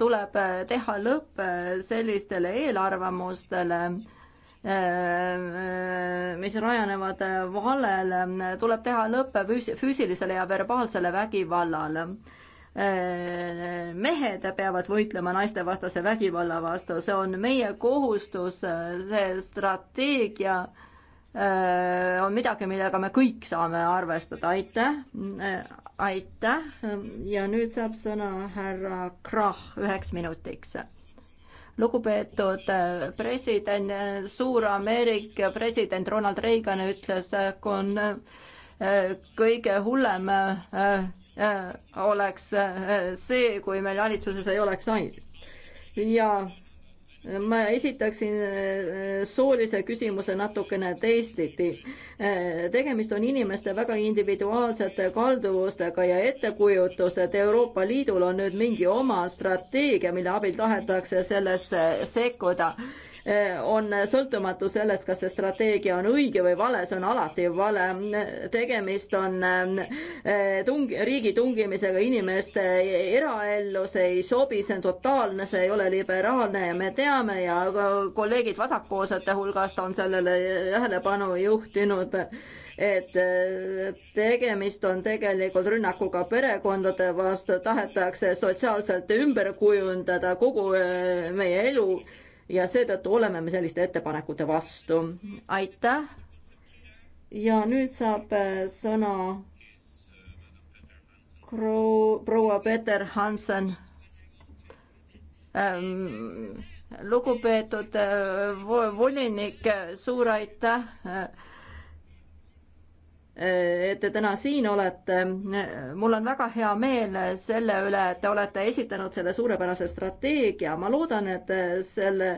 tuleb teha lõpp sellistele eelarvamustele, eh, mis rajanevad valele, tuleb teha lõpp füüsilisele ja verbaalsele vägivallale. Eh, mehed peavad võitlema naistevastase vägivalla vastu, see on meie kohustus, see strateegia eh, on midagi, millega me kõik saame arvestada, aitäh aitäh ja nüüd saab sõna härra Krahh üheks minutiks. lugupeetud äh, president, äh, Suur-Ameerika president Ronald Reagan ütles, on äh, kõige hullem oleks see, kui meil valitsuses ei oleks naisi. ja ma esitaksin äh, soolise küsimuse natukene teistiti. Äh, tegemist on inimeste väga individuaalsete kalduvustega ja ettekujutus, et Euroopa Liidul on nüüd mingi oma strateegia, mille abil tahetakse sellesse sekkuda Eh, on sõltumatu sellest, kas see strateegia on õige või vale, see on alati vale. tegemist on eh, tung-, riigi tungimisega inimeste eraellu, see ei sobi, see on totaalne, see ei ole liberaalne ja me teame ja kolleegid vasakpoolsete hulgast on sellele tähelepanu juhtinud et eh, tegemist on tegelikult rünnakuga perekondade vastu, tahetakse sotsiaalselt ümber kujundada kogu meie elu ja seetõttu oleme me selliste ettepanekute vastu. aitäh. ja nüüd saab äh, sõna proua Peter Hansen ähm,. lugupeetud äh, volinik, suur aitäh äh, et te täna siin olete. mul on väga hea meel selle üle, et te olete esitanud selle suurepärase strateegia. ma loodan, et selle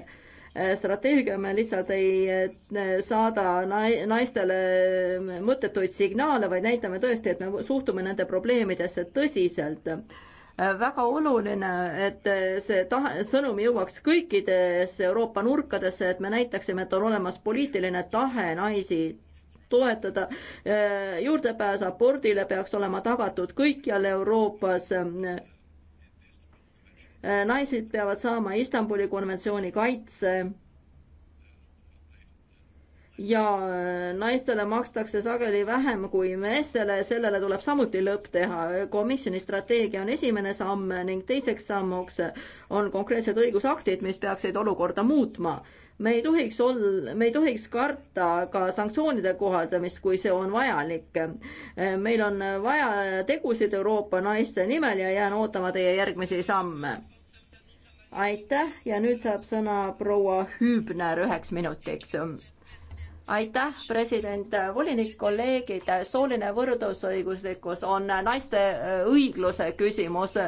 eh, strateegia me lihtsalt ei eh, saada naistele mõttetuid signaale, vaid näitame tõesti, et me suhtume nende probleemidesse tõsiselt väga oluline, et see tahe, sõnum jõuaks kõikidesse Euroopa nurkadesse, et me näitaksime, et on olemas poliitiline tahe naisi toetada. Äh, juurdepääs abordile peaks olema tagatud kõikjal Euroopas. Äh, naised peavad saama Istanbuli konventsiooni kaitse. ja äh, naistele makstakse sageli vähem kui meestele, sellele tuleb samuti lõpp teha. komisjoni strateegia on esimene samm ning teiseks sammuks on konkreetsed õigusaktid, mis peaksid olukorda muutma me ei tohiks olla, me ei tohiks karta ka sanktsioonide kohaldamist, kui see on vajalik. Eh, meil on vaja tegusid Euroopa naiste nimel ja jään ootama teie järgmisi samme. aitäh ja nüüd saab sõna proua Hübner üheks minutiks aitäh, president, volinik, kolleegid, sooline võrdõiguslikkus on naiste õigluse küsimus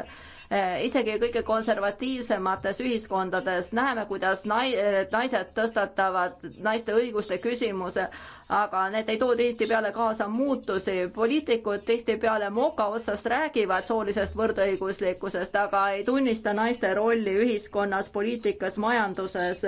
Eh, isegi kõige konservatiivsemates ühiskondades näeme, kuidas nai-, naised tõstatavad naiste õiguste küsimuse, aga need ei too tihtipeale kaasa muutusi. poliitikud tihtipeale moka otsast räägivad soolisest võrdõiguslikkusest, aga ei tunnista naiste rolli ühiskonnas, poliitikas, majanduses.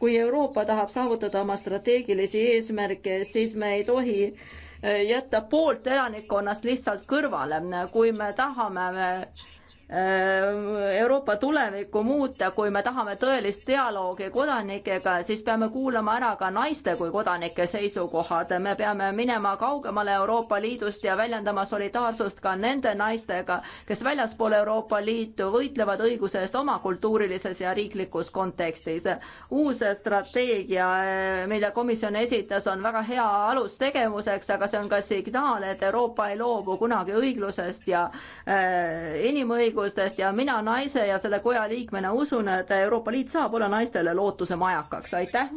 kui Euroopa tahab saavutada oma strateegilisi eesmärke, siis me ei tohi eh, jätta poolt elanikkonnast lihtsalt kõrvale, kui me tahame me eh, Äh, Euroopa tulevikku muuta, kui me tahame tõelist dialoogi kodanikega, siis peame kuulama ära ka naiste kui kodanike seisukohad. me peame minema kaugemale Euroopa Liidust ja väljendama solidaarsust ka nende naistega, kes väljaspool Euroopa Liitu võitlevad õiguse eest oma kultuurilises ja riiklikus kontekstis. uus strateegia, äh, mille komisjon esitas, on väga hea alus tegevuseks, aga see on ka signaal, et Euroopa ei loobu kunagi õiglusest ja äh, inimõigusest õigustest ja mina naise ja selle koja liikmena usun, et Euroopa Liit saab olla naistele lootuse majakaks, aitäh.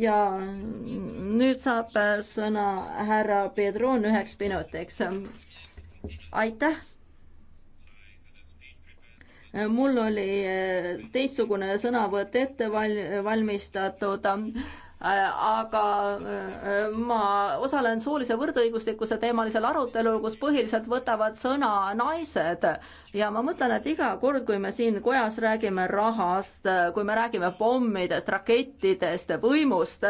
ja nüüd saab sõna härra Pedron üheks minutiks. aitäh mul oli teistsugune sõnavõtt ette val-, valmistatud Äh, aga äh, ma osalen soolise võrdõiguslikkuse teemalisel arutelul, kus põhiliselt võtavad sõna naised ja ma mõtlen, et iga kord, kui me siin kojas räägime rahast, kui me räägime pommidest, rakettidest, võimust,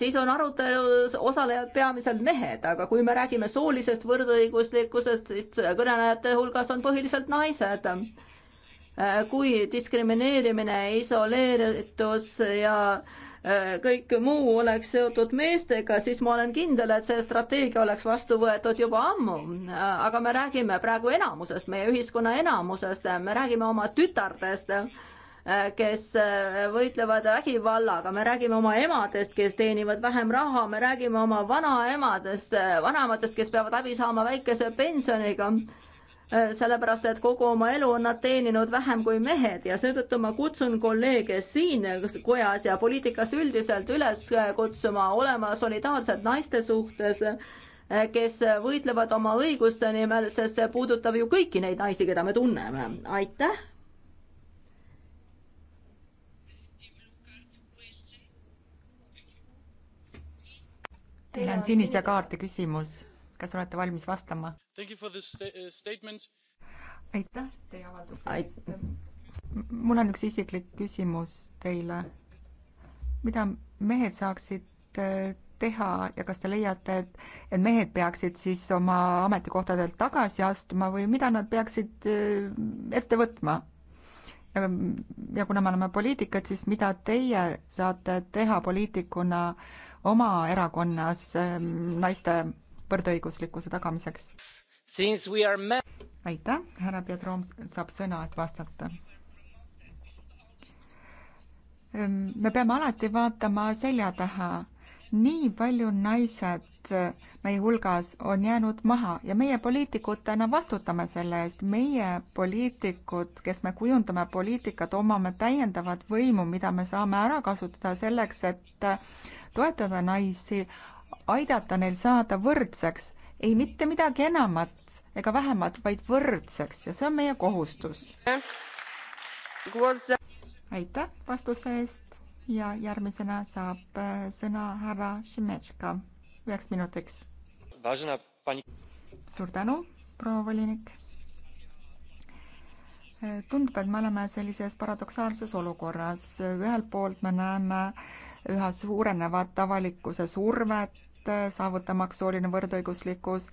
siis on arutelus osalejad peamiselt mehed, aga kui me räägime soolisest võrdõiguslikkusest, siis kõnelejate hulgas on põhiliselt naised äh, kui diskrimineerimine, isoleeritus ja äh, kõik muu oleks seotud meestega, siis ma olen kindel, et see strateegia oleks vastu võetud juba ammu. aga me räägime praegu enamusest, meie ühiskonna enamusest, me räägime oma tütardest kes võitlevad vägivallaga, me räägime oma emadest, kes teenivad vähem raha, me räägime oma vanaemadest, vanaemadest, kes peavad abi saama väikese pensioniga Äh, sellepärast et kogu oma elu on nad teeninud vähem kui mehed ja seetõttu ma kutsun kolleege siin kojas ja poliitikas üldiselt üles äh, kutsuma olema solidaarsed naiste suhtes, äh, kes võitlevad oma õiguste nimel, sest see puudutab ju kõiki neid naisi, keda me tunneme. aitäh. Teil on sinise kaardi küsimus kas olete valmis vastama? Eh, aitäh teie avalduse eest. mul on üks isiklik küsimus teile. mida mehed saaksid eh, teha ja kas te leiate, et, et mehed peaksid siis oma ametikohtadelt tagasi astuma või mida nad peaksid eh, ette võtma? ja, ja kuna me oleme poliitikud, siis mida teie saate teha poliitikuna oma erakonnas naiste võrdõiguslikkuse tagamiseks. aitäh, härra Pietrom saab sõna, et vastata. Ehm, me peame alati vaatama selja taha. nii palju naised eh, meie hulgas on jäänud maha ja meie poliitikutena vastutame selle eest. meie poliitikud, kes me kujundame poliitikat, omame täiendavat võimu, mida me saame ära kasutada selleks, et eh, toetada naisi, aidata neil saada võrdseks, ei mitte midagi enamat ega vähemat, vaid võrdseks ja see on meie kohustus. aitäh vastuse eest ja järgmisena saab äh, sõna härra Šimetška üheks minutiks. suur tänu, proua volinik. Äh, tundub, et me oleme sellises paradoksaalses olukorras, ühelt poolt me näeme üha suurenevat avalikkuse survet et äh, saavutamaks sooline võrdõiguslikkus.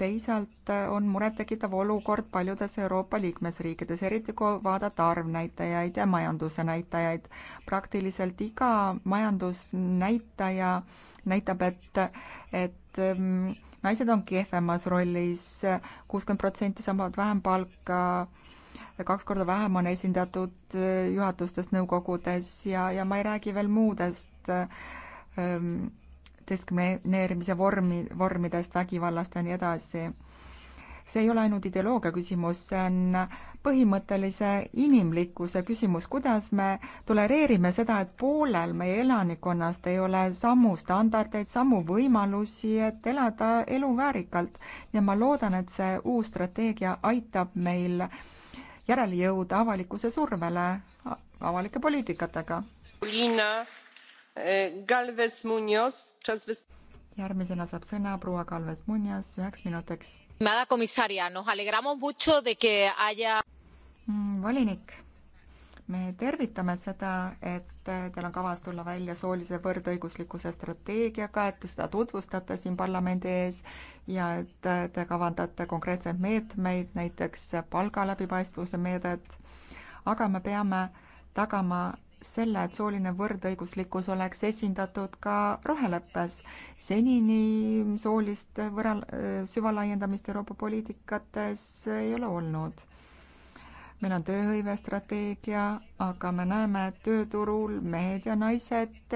teisalt äh, on murettekitav olukord paljudes Euroopa liikmesriikides, eriti kui vaadata arvnäitajaid ja majanduse näitajaid. praktiliselt iga majandusnäitaja näitab, et, et ähm, naised on kehvemas rollis, kuuskümmend protsenti saavad vähem palka kaks korda vähem on esindatud äh, juhatustes, nõukogudes ja, ja ma ei räägi veel muudest ähm, diskrimineerimise vormi, vormidest, vägivallast ja nii edasi. see ei ole ainult ideoloogia küsimus, see on põhimõttelise inimlikkuse küsimus, kuidas me tolereerime seda, et poolel meie elanikkonnast ei ole samu standardeid, samu võimalusi, et elada elu väärikalt. ja ma loodan, et see uus strateegia aitab meil järele jõuda avalikkuse survele avalike poliitikatega. Liina Eh, Galvez Munoz, čas vist-. järgmisena saab sõna proua Galvez Munoz üheks minutiks. Mm, volinik, me tervitame seda, et teil on kavas tulla välja soolise võrdõiguslikkuse strateegiaga, et te seda tutvustate siin parlamendi ees ja et te kavandate konkreetseid meetmeid, näiteks palga läbipaistvuse meedet, aga me peame tagama selle, et sooline võrdõiguslikkus oleks esindatud ka roheleppes. senini soolist võra-, süvalaiendamist Euroopa poliitikates ei ole olnud. meil on tööhõivestrateegia, aga me näeme, et tööturul mehed ja naised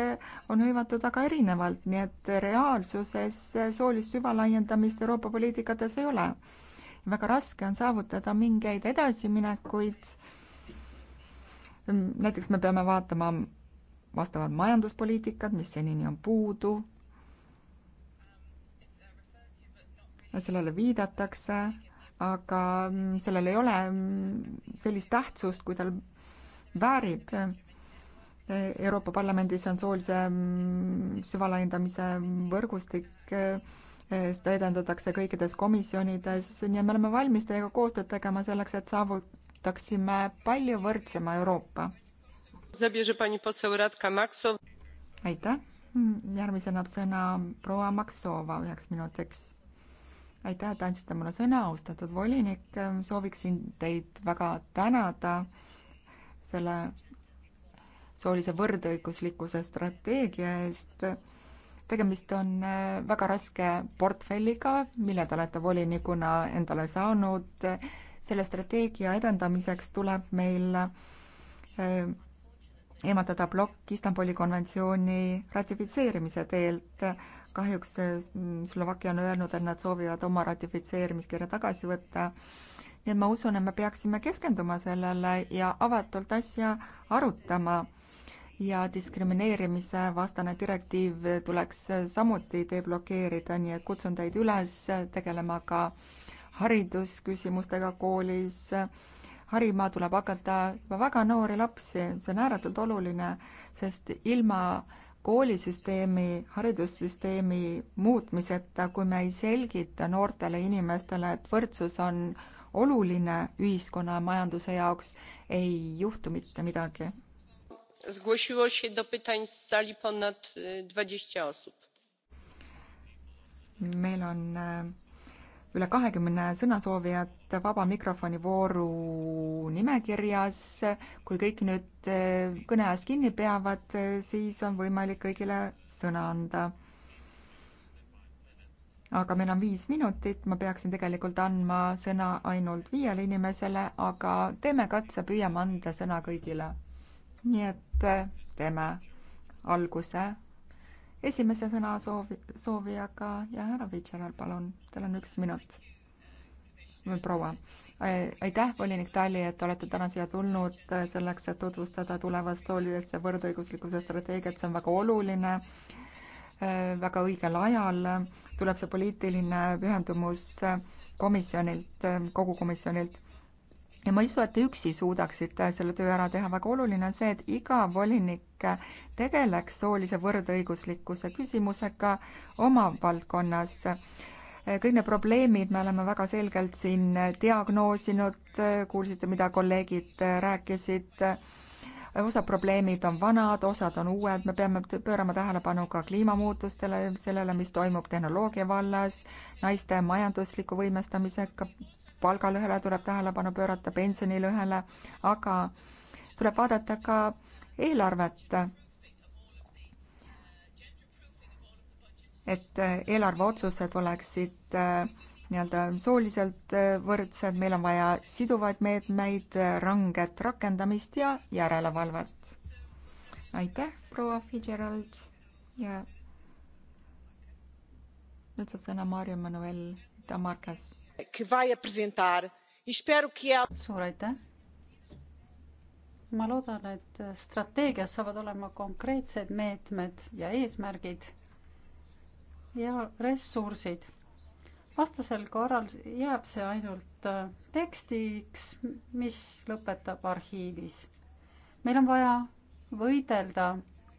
on hõivatud väga erinevalt, nii et reaalsuses soolist süvalaiendamist Euroopa poliitikates ei ole. väga raske on saavutada mingeid edasiminekuid Ehm, näiteks me peame vaatama vastavad majanduspoliitikad, mis senini on puudu. sellele viidatakse, aga mm, sellel ei ole mm, sellist tähtsust, kui tal väärib. E, Euroopa Parlamendis on soolise mm, süvalaiendamise võrgustik, e, seda edendatakse kõikides komisjonides, nii et me oleme valmis teiega koostööd tegema selleks, et saavu-, saavutaksime palju võrdsema Euroopa. aitäh, järgmisena sõna proua Maksova üheks minutiks. aitäh, et andsite mulle sõna, austatud volinik, sooviksin teid väga tänada selle soolise võrdõiguslikkuse strateegia eest tegemist on äh, väga raske portfelliga, mille te olete volinikuna endale saanud selle strateegia edendamiseks tuleb meil äh, eemaldada plokk Istanbuli konventsiooni ratifitseerimise teelt. kahjuks äh, Slovakkia on öelnud, et nad soovivad oma ratifitseerimiskirja tagasi võtta. nii et ma usun, et me peaksime keskenduma sellele ja avatult asja arutama. ja diskrimineerimise vastane direktiiv tuleks samuti deblokeerida, nii et kutsun teid üles tegelema ka äh, haridusküsimustega koolis. harima tuleb hakata juba väga noori lapsi, see on ääretult oluline, sest ilma koolisüsteemi, haridussüsteemi muutmiseta, kui me ei selgita noortele inimestele, et võrdsus on oluline ühiskonna ja majanduse jaoks, ei juhtu mitte midagi. E, meil on e, üle kahekümne sõnasoovijat vaba mikrofoni vooru nimekirjas. kui kõik nüüd eh, kõne ajast kinni peavad, eh, siis on võimalik kõigile sõna anda. aga meil on viis minutit, ma peaksin tegelikult andma sõna ainult viiele inimesele, aga teeme katse, püüame anda sõna kõigile. nii et eh, teeme alguse esimese sõna soovi, soovijaga ja härra Vitšanal, palun, teil on üks minut. või proua. aitäh, volinik Tali, et olete täna siia tulnud äh, selleks, et tutvustada tulevast hoolidesse võrdõiguslikkuse strateegiat, see on väga oluline, äh, väga õigel ajal tuleb see poliitiline pühendumus äh, komisjonilt, kogu komisjonilt ja ma ei usu, et te üksi suudaksite selle töö ära teha, väga oluline on see, et iga volinik tegeleks soolise võrdõiguslikkuse küsimusega oma valdkonnas. kõik need probleemid me oleme väga selgelt siin diagnoosinud, kuulsite, mida kolleegid rääkisid, osad probleemid on vanad, osad on uued, me peame pöörama tähelepanu ka kliimamuutustele, sellele, mis toimub tehnoloogia vallas, naiste majandusliku võimestamisega, palgalõhele tuleb tähelepanu pöörata, pensionilõhele, aga tuleb vaadata ka eelarvet. et eelarveotsused oleksid äh, nii-öelda sooliselt äh, võrdsed, meil on vaja siduvaid meetmeid, äh, ranget rakendamist ja järelevalvet. aitäh, proua Fitzgerald ja nüüd saab sõna Maarja Manuel Tamarkas E suur aitäh! ma loodan, et strateegias saavad olema konkreetsed meetmed ja eesmärgid ja ressursid. vastasel korral jääb see ainult äh, tekstiks, mis lõpetab arhiivis. meil on vaja võidelda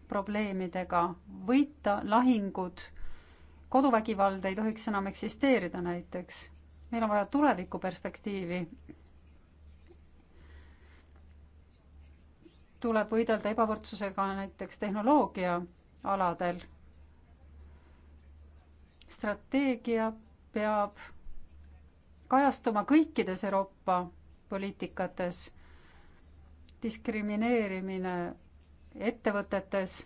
probleemidega, võita lahingud. koduvägivald ei tohiks enam eksisteerida näiteks meil on vaja tulevikuperspektiivi. tuleb võidelda ebavõrdsusega näiteks tehnoloogia aladel. strateegia peab kajastuma kõikides Euroopa poliitikates. diskrimineerimine ettevõtetes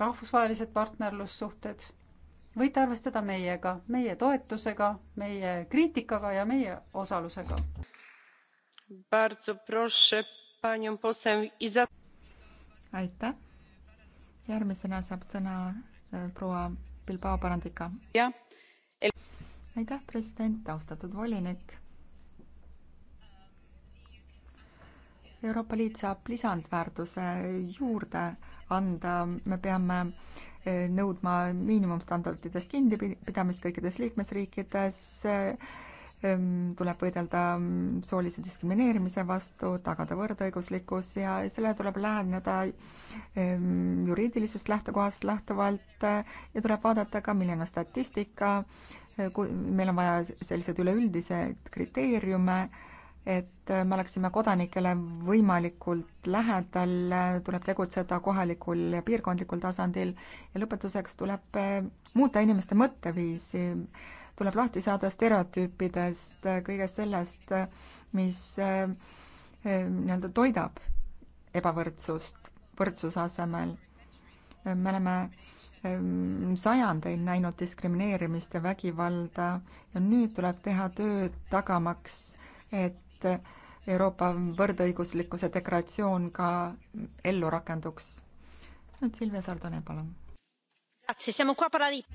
rahvusvahelised partnerlussuhted. võite arvestada meiega, meie toetusega, meie kriitikaga ja meie osalusega. aitäh. järgmisena saab sõna äh, proua Bilbao Parandika. aitäh, president, austatud volinik Euroopa Liit saab lisandväärtuse juurde, anda, me peame eh, nõudma miinimumstandarditest kinnipidamist kõikides liikmesriikides, ehm, tuleb võidelda mm, soolise diskrimineerimise vastu, tagada võrdõiguslikkus ja sellele tuleb läheneda ehm, juriidilisest lähtekohast lähtuvalt eh, ja tuleb vaadata ka, milline on statistika, eh, kui meil on vaja selliseid üleüldiseid kriteeriume et me oleksime kodanikele võimalikult lähedal, tuleb tegutseda kohalikul ja piirkondlikul tasandil ja lõpetuseks tuleb eh, muuta inimeste mõtteviisi, tuleb lahti saada stereotüüpidest, eh, kõigest sellest, mis eh, nii-öelda toidab ebavõrdsust võrdsuse asemel. me oleme sajandeid näinud diskrimineerimist ja vägivalda ja nüüd tuleb teha tööd tagamaks, et et Euroopa võrdõiguslikkuse deklaratsioon ka ellu rakenduks. nüüd Silvia Sardone, palun.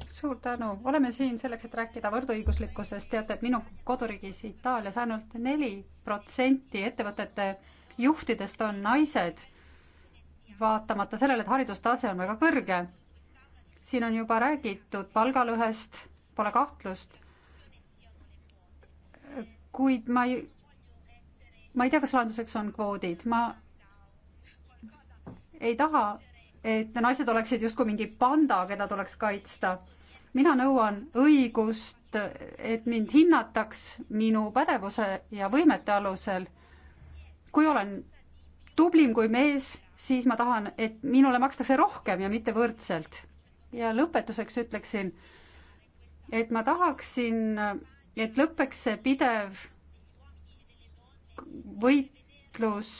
suur tänu, oleme siin selleks, et rääkida võrdõiguslikkusest, teate, et minu koduriigis Itaalias ainult neli protsenti ettevõtete juhtidest on naised, vaatamata sellele, et haridustase on väga kõrge. siin on juba räägitud palgalõhest, pole kahtlust, kuid ma ei ma ei tea, kas lahenduseks on kvoodid, ma ei taha, et naised oleksid justkui mingi panda, keda tuleks kaitsta. mina nõuan õigust, et mind hinnataks minu pädevuse ja võimete alusel. kui olen tublim kui mees, siis ma tahan, et minule makstakse rohkem ja mitte võrdselt. ja lõpetuseks ütleksin, et ma tahaksin, et lõpeks see pidev võitlus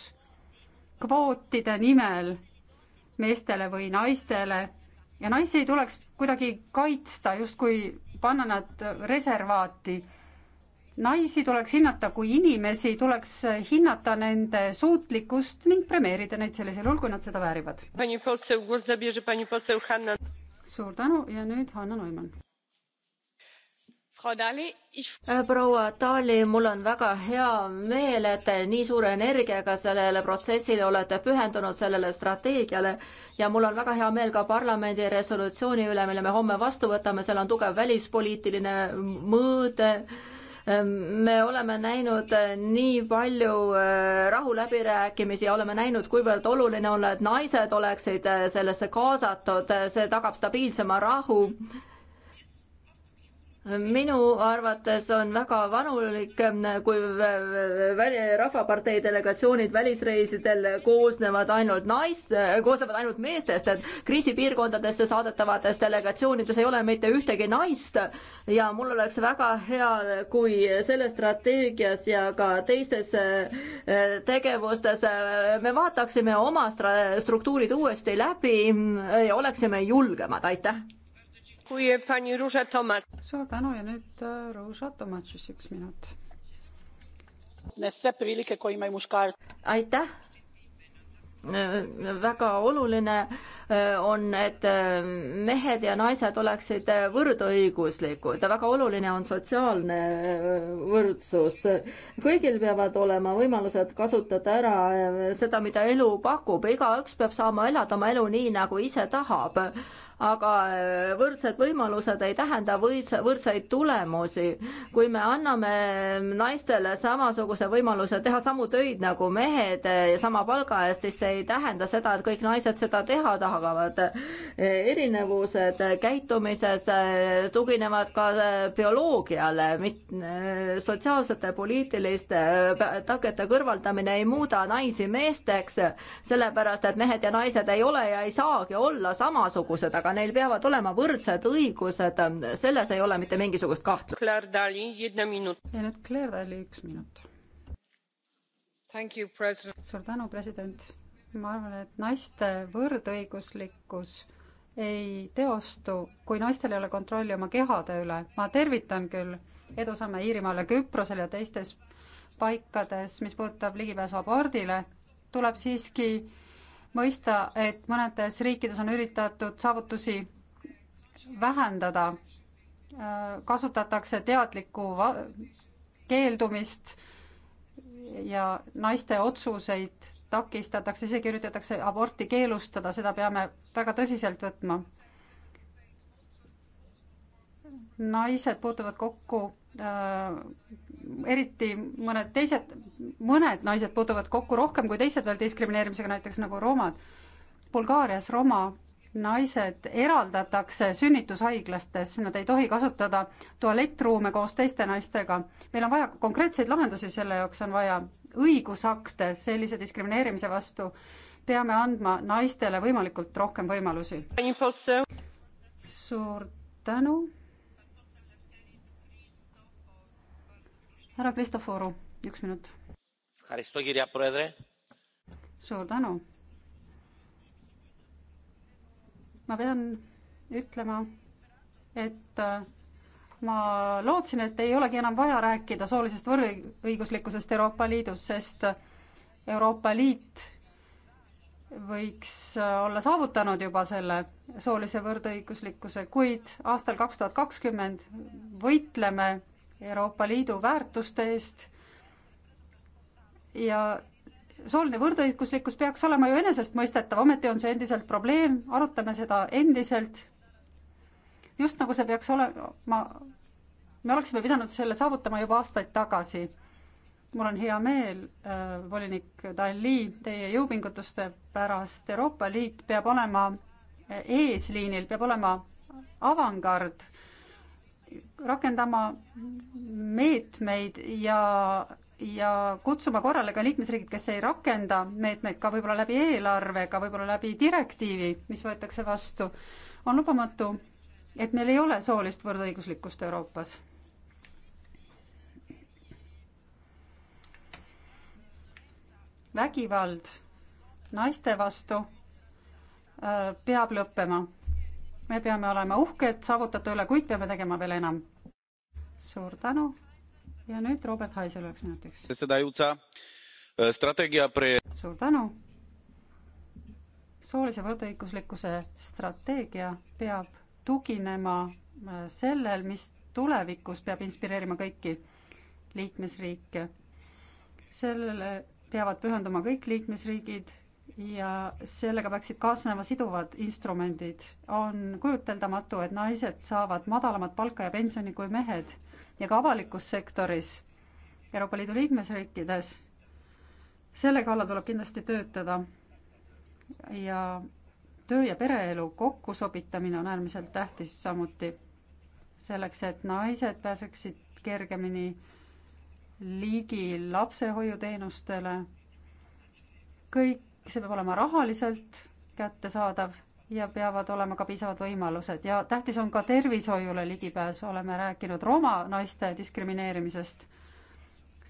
kvootide nimel meestele või naistele ja naisi ei tuleks kuidagi kaitsta, justkui panna nad reservaati. naisi tuleks hinnata kui inimesi, tuleks hinnata nende suutlikkust ning premeerida neid sellisel juhul, kui nad seda väärivad. suur tänu ja nüüd Hanna Neumann. Äh, proua Dali, mul on väga hea meel, et te nii suure energiaga sellele protsessile olete pühendunud, sellele strateegiale ja mul on väga hea meel ka parlamendi resolutsiooni üle, mille me homme vastu võtame, seal on tugev välispoliitiline mõõde äh, me oleme näinud äh, nii palju rahuläbirääkimisi ja oleme näinud, kuivõrd oluline on, et naised oleksid sellesse kaasatud, see tagab stabiilsema rahu minu arvates on väga vanulik, kui välja, Rahvapartei delegatsioonid välisreisidel koosnevad ainult naist, koosnevad ainult meestest, et kriisipiirkondadesse saadetavates delegatsioonides ei ole mitte ühtegi naist ja mul oleks väga hea, kui selles strateegias ja ka teistes eh, tegevustes eh, me vaataksime oma struktuurid uuesti läbi ja oleksime julgemad, aitäh! suur tänu ja nüüd äh, Ruža Tomatšis, üks minut. aitäh äh, väga oluline äh, on, et mehed ja naised oleksid võrdõiguslikud ja väga oluline on sotsiaalne võrdsus. kõigil peavad olema võimalused kasutada ära seda, mida elu pakub, igaüks peab saama elada oma elu nii, nagu ise tahab aga äh, võrdsed võimalused ei tähenda võrdse, võrdseid tulemusi. kui me anname naistele samasuguse võimaluse teha samu töid nagu mehed äh, ja sama palga eest, siis see ei tähenda seda, et kõik naised seda teha tahavad. Äh, erinevused käitumises tuginevad ka bioloogiale, mitte sotsiaalsete, poliitiliste takete kõrvaldamine ei muuda naisi meesteks, sellepärast et mehed ja naised ei ole ja ei saagi olla samasugused, aga aga neil peavad olema võrdsed õigused, selles ei ole mitte mingisugust kahtlust. ja nüüd Claire Dali üks minut. suur tänu, president. ma arvan, et naiste võrdõiguslikkus ei teostu, kui naistel ei ole kontrolli oma kehade üle. ma tervitan küll edusamme Iirimaal ja Küprosel ja teistes paikades, mis puudutab ligipääsu abordile, tuleb siiski mõista, et mõnedes riikides on üritatud saavutusi vähendada, kasutatakse teadlikku keeldumist ja naiste otsuseid takistatakse, isegi üritatakse aborti keelustada, seda peame väga tõsiselt võtma. naised puutuvad kokku äh, eriti mõned teised, mõned naised puutuvad kokku rohkem kui teised veel diskrimineerimisega, näiteks nagu romad. Bulgaarias roma naised eraldatakse sünnitushaiglastes, nad ei tohi kasutada tualettruume koos teiste naistega. meil on vaja konkreetseid lahendusi, selle jaoks on vaja õigusakte sellise diskrimineerimise vastu. peame andma naistele võimalikult rohkem võimalusi. suur tänu härra Kristoforu, üks minut. suur tänu. ma pean ütlema, et äh, ma lootsin, et ei olegi enam vaja rääkida soolisest võrdõiguslikkusest Euroopa Liidus, sest Euroopa Liit võiks äh, olla saavutanud juba selle soolise võrdõiguslikkuse, kuid aastal kaks tuhat kakskümmend võitleme Euroopa Liidu väärtuste eest ja sooline võrdõiguslikkus peaks olema ju enesestmõistetav, ometi on see endiselt probleem, arutame seda endiselt. just nagu see peaks olema, me oleksime pidanud selle saavutama juba aastaid tagasi. mul on hea meel äh,, volinik Dali, teie jõupingutuste pärast. Euroopa Liit peab olema äh, eesliinil, peab olema avangard äh, rakendama meetmeid ja, ja kutsuma korrale ka liikmesriigid, kes ei rakenda meetmeid ka võib-olla läbi eelarve, ka võib-olla läbi direktiivi, mis võetakse vastu, on lubamatu, et meil ei ole soolist võrdõiguslikkust Euroopas. vägivald naiste vastu äh, peab lõppema me peame olema uhked saavutatu üle, kuid peame tegema veel enam. suur tänu ja nüüd Robert Haisel üheks minutiks. E, suur tänu. soolise võrdõiguslikkuse strateegia peab tuginema e, sellel, mis tulevikus peab inspireerima kõiki liikmesriike. sellele peavad pühenduma kõik liikmesriigid ja sellega peaksid kaasnema siduvad instrumendid. on kujuteldamatu, et naised saavad madalamat palka ja pensioni kui mehed ja ka avalikus sektoris Euroopa Liidu liikmesriikides. selle kallal tuleb kindlasti töötada. ja töö ja pereelu kokkusobitamine on äärmiselt tähtis samuti selleks, et naised pääseksid kergemini ligi lapsehoiuteenustele. kõik see peab olema rahaliselt kättesaadav ja peavad olema ka piisavad võimalused ja tähtis on ka tervishoiule ligipääs, oleme rääkinud Rooma naiste diskrimineerimisest.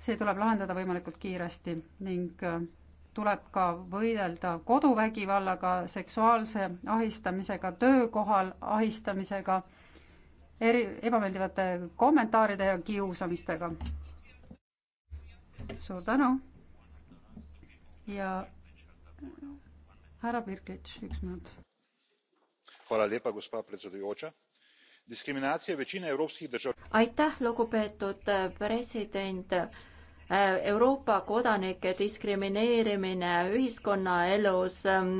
see tuleb lahendada võimalikult kiiresti ning äh, tuleb ka võidelda koduvägivallaga, seksuaalse ahistamisega, töökohal ahistamisega, eri, ebameeldivate kommentaaride ja kiusamistega. suur tänu ja härra Birklitš, üks minut. aitäh, lugupeetud äh, president äh, Euroopa kodanike diskrimineerimine ühiskonnaelus ähm,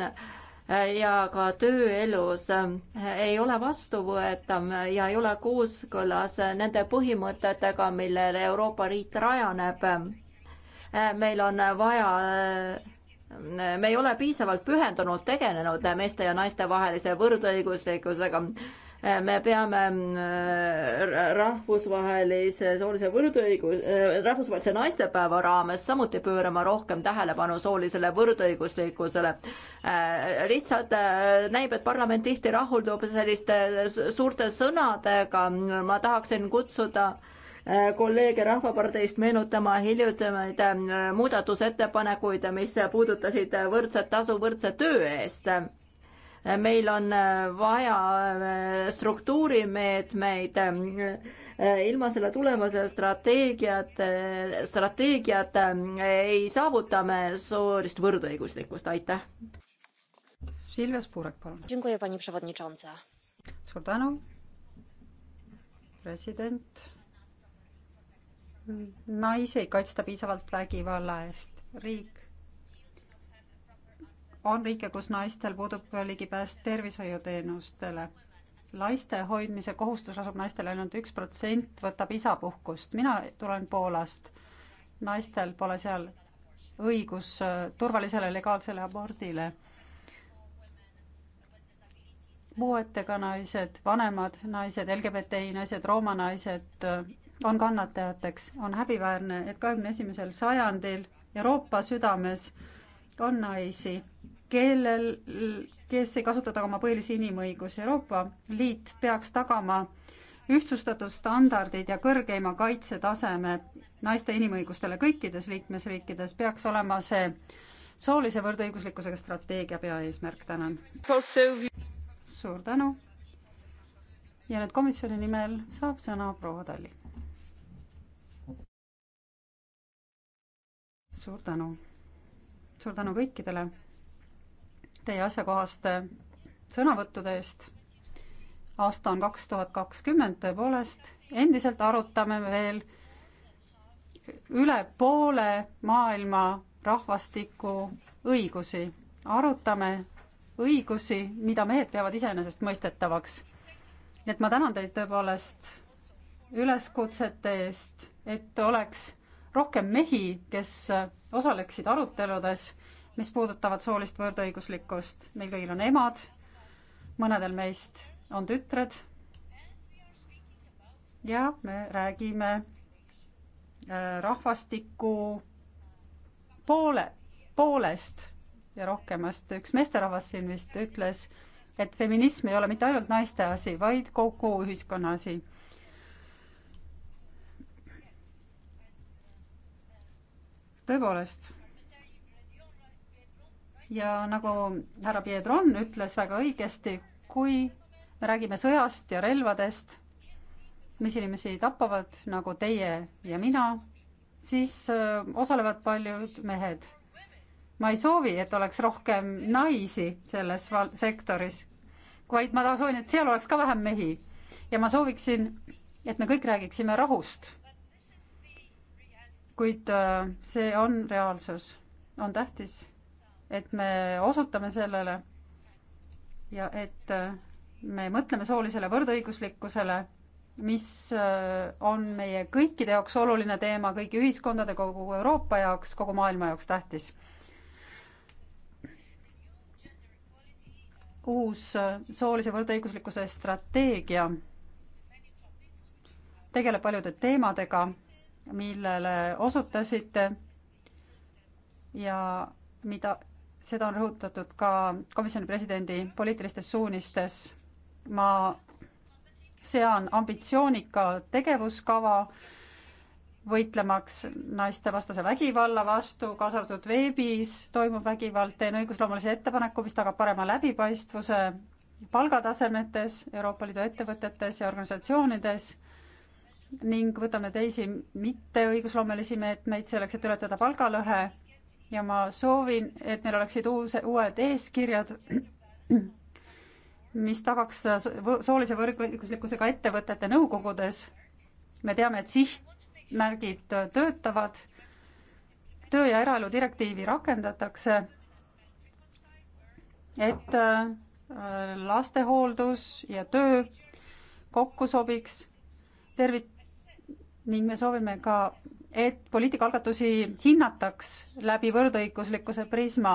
äh, ja ka tööelus ähm, ei ole vastuvõetav ja ei ole kooskõlas nende põhimõtetega, millele Euroopa Liit rajaneb. meil on vaja me ei ole piisavalt pühendunud tegelenud meeste ja naiste vahelise võrdõiguslikkusega. me peame äh, rahvusvahelise soolise võrdõigus, äh, rahvusvahelise naistepäeva raames samuti pöörama rohkem tähelepanu soolisele võrdõiguslikkusele. Äh, lihtsalt näib, et parlament tihti rahuldub selliste suurte sõnadega, ma tahaksin kutsuda Äh, kolleege Rahvaparteist meenutama hiljutamaid äh, muudatusettepanekuid, mis puudutasid võrdset tasu võrdse töö eest äh, meil on vaja struktuurimeetmeid, ilma selle tulemuse strateegiat, strateegiat ei saavuta me soolist võrdõiguslikkust, aitäh. Silvia Spurek, palun. suur tänu, president naisi ei kaitsta piisavalt vägivalla eest. riik, on riike, kus naistel puudub ligipääs tervishoiuteenustele. laiste hoidmise kohustus asub naistele ainult üks protsent, võtab isapuhkust. mina tulen Poolast. naistel pole seal õigus äh, turvalisele legaalsele abordile. puuetega naised, vanemad naised, LGBTI naised, rooma naised äh, on kannatajateks. on häbiväärne, et kahekümne esimesel sajandil Euroopa südames on naisi, kellel, kes ei kasuta taga oma põhilisi inimõigusi. Euroopa Liit peaks tagama ühtsustatud standardid ja kõrgeima kaitsetaseme naiste inimõigustele kõikides liikmesriikides peaks olema see soolise võrdõiguslikkusega strateegia peaeesmärk. tänan. suur tänu. ja nüüd komisjoni nimel saab sõna proua Talli suur tänu. suur tänu kõikidele teie asjakohaste sõnavõttude eest. aasta on kaks tuhat kakskümmend, tõepoolest, endiselt arutame veel üle poole maailma rahvastiku õigusi. arutame õigusi, mida mehed peavad iseenesestmõistetavaks. nii et ma tänan teid tõepoolest üleskutsete eest, et oleks rohkem mehi, kes äh, osaleksid aruteludes, mis puudutavad soolist võrdõiguslikkust. meil kõigil on emad, mõnedel meist on tütred. ja me räägime äh, rahvastiku poole, poolest ja rohkemast. üks meesterahvas siin vist ütles, et feminism ei ole mitte ainult naiste asi, vaid kogu ühiskonna asi tõepoolest. ja nagu härra Piedron ütles väga õigesti, kui me räägime sõjast ja relvadest, mis inimesi tapavad, nagu teie ja mina, siis äh, osalevad paljud mehed. ma ei soovi, et oleks rohkem naisi selles val-, sektoris, vaid ma soovin, et seal oleks ka vähem mehi. ja ma sooviksin, et me kõik räägiksime rahust kuid äh, see on reaalsus. on tähtis, et me osutame sellele ja et äh, me mõtleme soolisele võrdõiguslikkusele, mis äh, on meie kõikide jaoks oluline teema, kõigi ühiskondade, kogu Euroopa jaoks, kogu maailma jaoks tähtis uus soolise võrdõiguslikkuse strateegia tegeleb paljude teemadega, millele osutasite ja mida, seda on rõhutatud ka komisjoni presidendi poliitilistes suunistes. ma sean ambitsioonika tegevuskava võitlemaks naistevastase vägivalla vastu, kaasa arvatud veebis toimub vägivald, teen õigusloomulise ettepaneku, mis tagab parema läbipaistvuse palgatasemetes Euroopa Liidu ettevõtetes ja organisatsioonides ning võtame teisi mitteõigusloomelisi meetmeid selleks, et ületada palgalõhe ja ma soovin, et meil oleksid uus, uued eeskirjad, mis tagaks soolise võrdõiguslikkusega ettevõtete nõukogudes. me teame, et sihtmärgid töötavad, töö- ja eraelu direktiivi rakendatakse, et äh, lastehooldus ja töö kokku sobiks, tervit-, ning me soovime ka, et poliitikaalgatusi hinnataks läbi võrdõiguslikkuse prisma.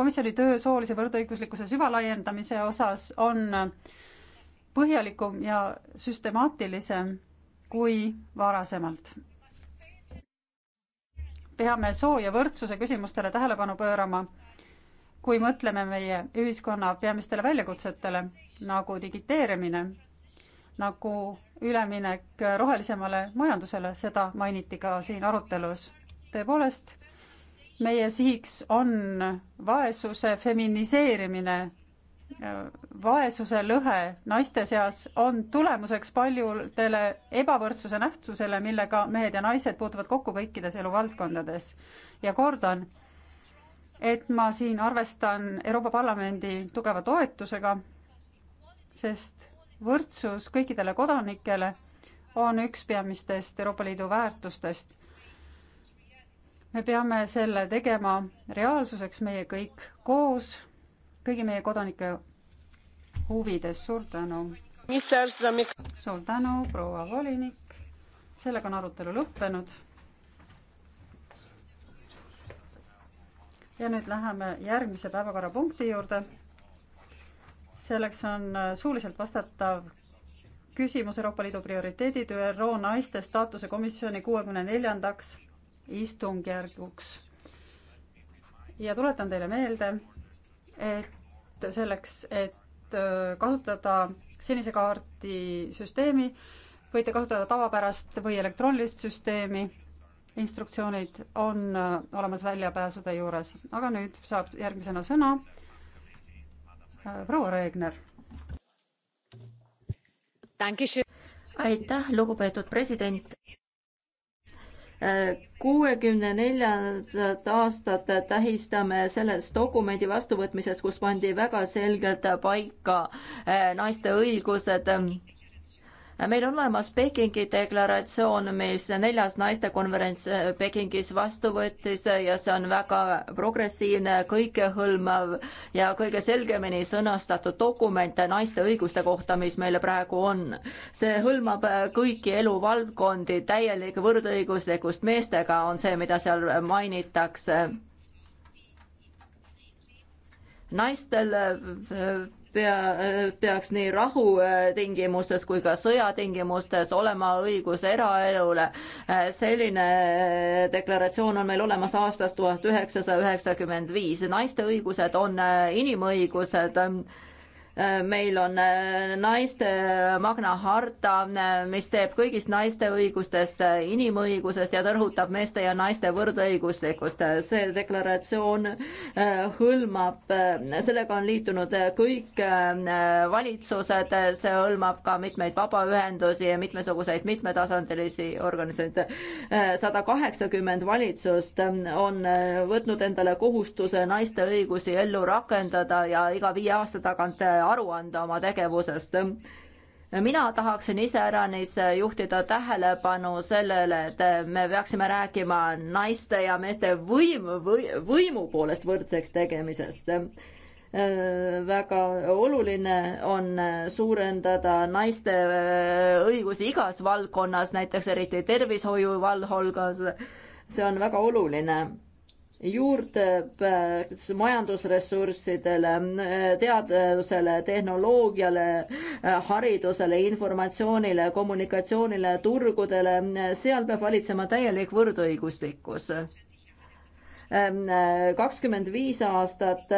komisjoni töö soolise võrdõiguslikkuse süvalaiendamise osas on põhjalikum ja süstemaatilisem kui varasemalt. peame soo ja võrdsuse küsimustele tähelepanu pöörama, kui mõtleme meie ühiskonna peamistele väljakutsetele nagu digiteerimine nagu üleminek rohelisemale majandusele, seda mainiti ka siin arutelus. tõepoolest, meie sihiks on vaesuse feminiseerimine. vaesuse lõhe naiste seas on tulemuseks paljudele ebavõrdsuse nähtusele, millega mehed ja naised puutuvad kokku kõikides eluvaldkondades. ja kordan, et ma siin arvestan Euroopa Parlamendi tugeva toetusega, sest võrdsus kõikidele kodanikele on üks peamistest Euroopa Liidu väärtustest. me peame selle tegema reaalsuseks meie kõik koos, kõigi meie kodanike huvides, suur tänu. suur tänu, proua volinik, sellega on arutelu lõppenud. ja nüüd läheme järgmise päevakorrapunkti juurde selleks on äh, suuliselt vastatav küsimus Euroopa Liidu prioriteedid ÜRO naiste staatuse komisjoni kuuekümne neljandaks istungjärguks. ja tuletan teile meelde, et selleks, et äh, kasutada senise kaardi süsteemi, võite kasutada tavapärast või elektroonilist süsteemi. instruktsioonid on äh, olemas väljapääsude juures, aga nüüd saab järgmisena sõna Äh, proua Reegner. aitäh, lugupeetud president äh, kuuekümne neljandat aastat tähistame sellest dokumendi vastuvõtmisest, kus pandi väga selgelt paika äh, naiste õigused meil on olemas Pekingi deklaratsioon, mis neljas naistekonverents äh, Pekingis vastu võttis äh, ja see on väga progressiivne, kõikehõlmav ja kõige selgemini sõnastatud dokument naiste õiguste kohta, mis meil praegu on. see hõlmab äh, kõiki eluvaldkondi, täielik võrdõiguslikkust meestega on see, mida seal mainitakse naistel pea, peaks nii rahu tingimustes kui ka sõjatingimustes olema õigus eraelule. selline deklaratsioon on meil olemas aastast tuhat üheksasada üheksakümmend viis. naiste õigused on inimõigused meil on äh, naiste äh, Magna harta, äh, mis teeb kõigist naiste õigustest inimõigusest ja rõhutab meeste ja naiste võrdõiguslikkust. see deklaratsioon hõlmab, sellega on liitunud kõik valitsused, see hõlmab ka mitmeid vabaühendusi ja mitmesuguseid mitmetasandilisi organisatsioone. sada kaheksakümmend valitsust on võtnud endale kohustuse naiste õigusi ellu rakendada ja iga viie aasta tagant aru anda oma tegevusest. mina tahaksin iseäranis juhtida tähelepanu sellele, et me peaksime rääkima naiste ja meeste võimu või,, võimu poolest võrdseks tegemisest väga oluline on suurendada naiste õigusi igas valdkonnas, näiteks eriti tervishoiu valdkonnas. see on väga oluline juurdepääs majandusressurssidele, teadusele, tehnoloogiale, haridusele, informatsioonile, kommunikatsioonile, turgudele, seal peab valitsema täielik võrdõiguslikkus kakskümmend viis aastat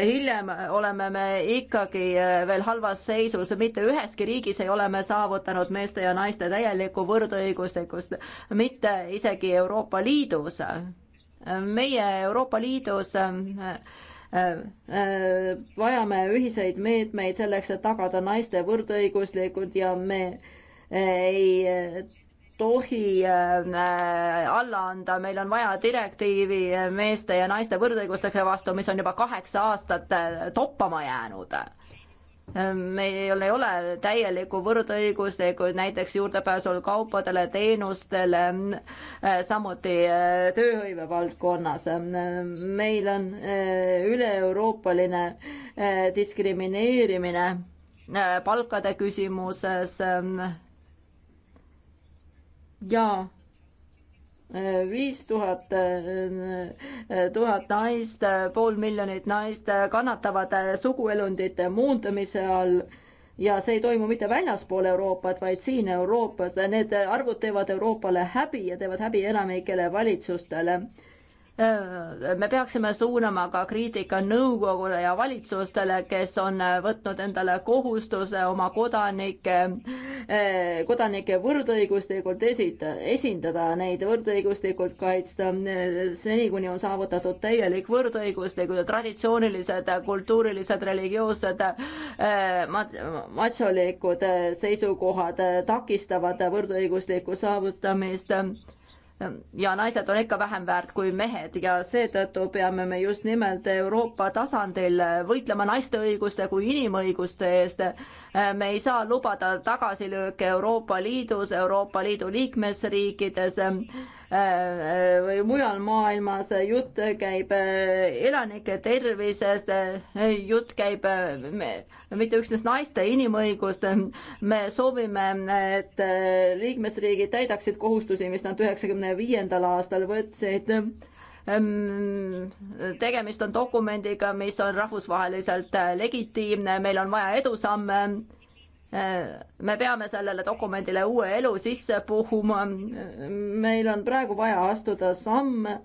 hiljem oleme me ikkagi veel halvas seisus, mitte üheski riigis ei ole me saavutanud meeste ja naiste täielikku võrdõiguslikkust, mitte isegi Euroopa Liidus meie Euroopa Liidus ähm, äh, äh, vajame ühiseid meetmeid selleks, et tagada naiste võrdõiguslikud ja me äh, ei tohi alla anda, meil on vaja direktiivi meeste ja naiste võrdõiguslikkuse vastu, mis on juba kaheksa aastat toppama jäänud Ehm, meil ei ole täielikku võrdõiguslikku näiteks juurdepääsul kaupadele, teenustele, ehm, samuti ehm, tööhõive valdkonnas. meil on üle-euroopaline diskrimineerimine palkade küsimuses. ja viis tuhat, äh, tuhat naist, pool miljonit naist kannatavad suguelundite muundamise all ja see ei toimu mitte väljaspool Euroopat, vaid siin Euroopas. Need arvud teevad Euroopale häbi ja teevad häbi enamikele valitsustele Äh, me peaksime suunama ka kriitika nõukogule ja valitsustele, kes on äh, võtnud endale kohustuse oma kodanike, äh, kodanike võrdõiguslikult esita-, esindada neid, võrdõiguslikult kaitsta, seni kuni on saavutatud täielik võrdõiguslikud ja traditsioonilised, kultuurilised, religioossed, matsolikud seisukohad takistavad võrdõiguslikku saavutamist ja naised on ikka vähem väärt kui mehed ja seetõttu peame me just nimelt Euroopa tasandil võitlema naiste õiguste kui inimõiguste eest. me ei saa lubada tagasilööke Euroopa Liidus, Euroopa Liidu liikmesriikides või äh, äh, mujal maailmas, jutt käib äh, elanike tervisest, jutt käib mitte üksnes naiste inimõigust, me soovime, et liikmesriigid täidaksid kohustusi, mis nad üheksakümne viiendal aastal võtsid ähm, tegemist on dokumendiga, mis on rahvusvaheliselt legitiimne, meil on vaja edusamme me peame sellele dokumendile uue elu sisse puhuma. meil on praegu vaja astuda samme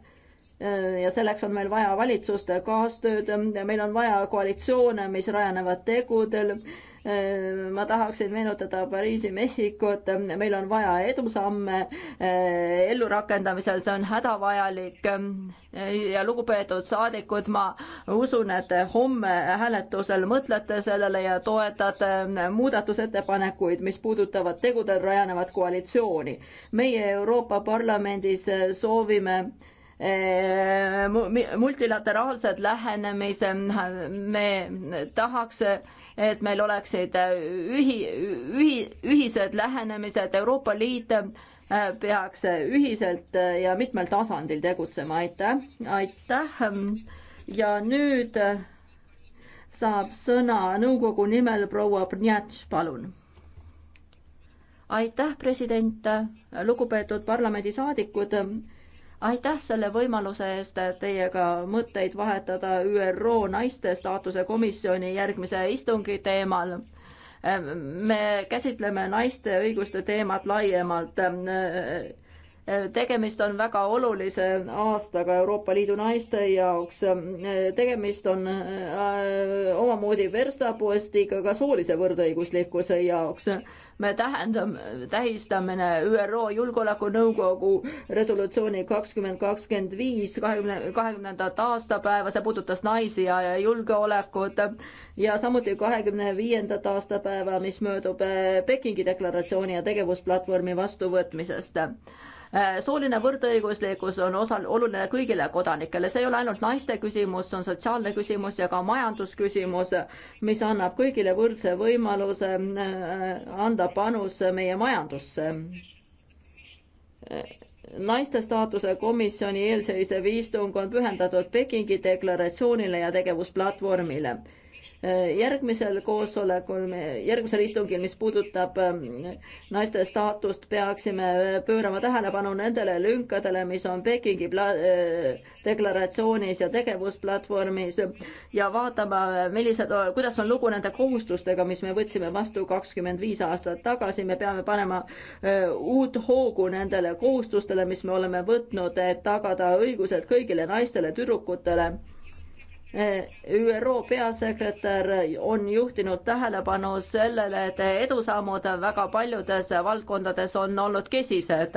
ja selleks on meil vaja valitsuste kaastööd, meil on vaja koalitsioone, mis rajanevad tegudel Ehm, ma tahaksin meenutada Pariisi Mehhikut, meil on vaja edusamme eh, ellurakendamisel, see on hädavajalik. Eh, ja lugupeetud saadikud, ma usun, et homme hääletusel mõtlete sellele ja toetate eh, muudatusettepanekuid, mis puudutavad tegudel rajanevat koalitsiooni. meie Euroopa Parlamendis soovime multilateraalset lähenemise, me tahaks et meil oleksid äh, ühi, ühi, ühised lähenemised, Euroopa Liit äh, peaks ühiselt äh, ja mitmel tasandil tegutsema, aitäh, aitäh. ja nüüd saab sõna nõukogu nimel proua Brnjatš, palun. aitäh, president, lugupeetud parlamendisaadikud aitäh selle võimaluse eest teiega mõtteid vahetada ÜRO naiste staatuse komisjoni järgmise istungi teemal. me käsitleme naiste õiguste teemat laiemalt tegemist on väga olulise aastaga Euroopa Liidu naiste jaoks. tegemist on äh, omamoodi verstapostiga ka soolise võrdõiguslikkuse jaoks. me tähendame, tähistame ÜRO Julgeolekunõukogu resolutsiooni kakskümmend kakskümmend viis, kahekümne, kahekümnendat aastapäeva, see puudutas naisi ja, ja julgeolekut ja samuti kahekümne viiendat aastapäeva, mis möödub äh, Pekingi deklaratsiooni ja tegevusplatvormi vastuvõtmisest Äh, sooline võrdõiguslikkus on osal-, oluline kõigile kodanikele, see ei ole ainult naiste küsimus, see on sotsiaalne küsimus ja ka majandusküsimus, mis annab kõigile võrdse võimaluse äh, anda panus meie majandusse äh, naiste staatuse komisjoni eelseisev istung on pühendatud Pekingi deklaratsioonile ja tegevusplatvormile järgmisel koosolekul, järgmisel istungil, mis puudutab ähm, naiste staatust, peaksime pöörama tähelepanu nendele lünkadele, mis on Pekingi äh, deklaratsioonis ja tegevusplatvormis ja vaatama, millised, kuidas on lugu nende kohustustega, mis me võtsime vastu kakskümmend viis aastat tagasi, me peame panema äh, uut hoogu nendele kohustustele, mis me oleme võtnud, et tagada õigused kõigile naistele, tüdrukutele ÜRO peasekretär on juhtinud tähelepanu sellele, et edusammud väga paljudes valdkondades on olnud kesised.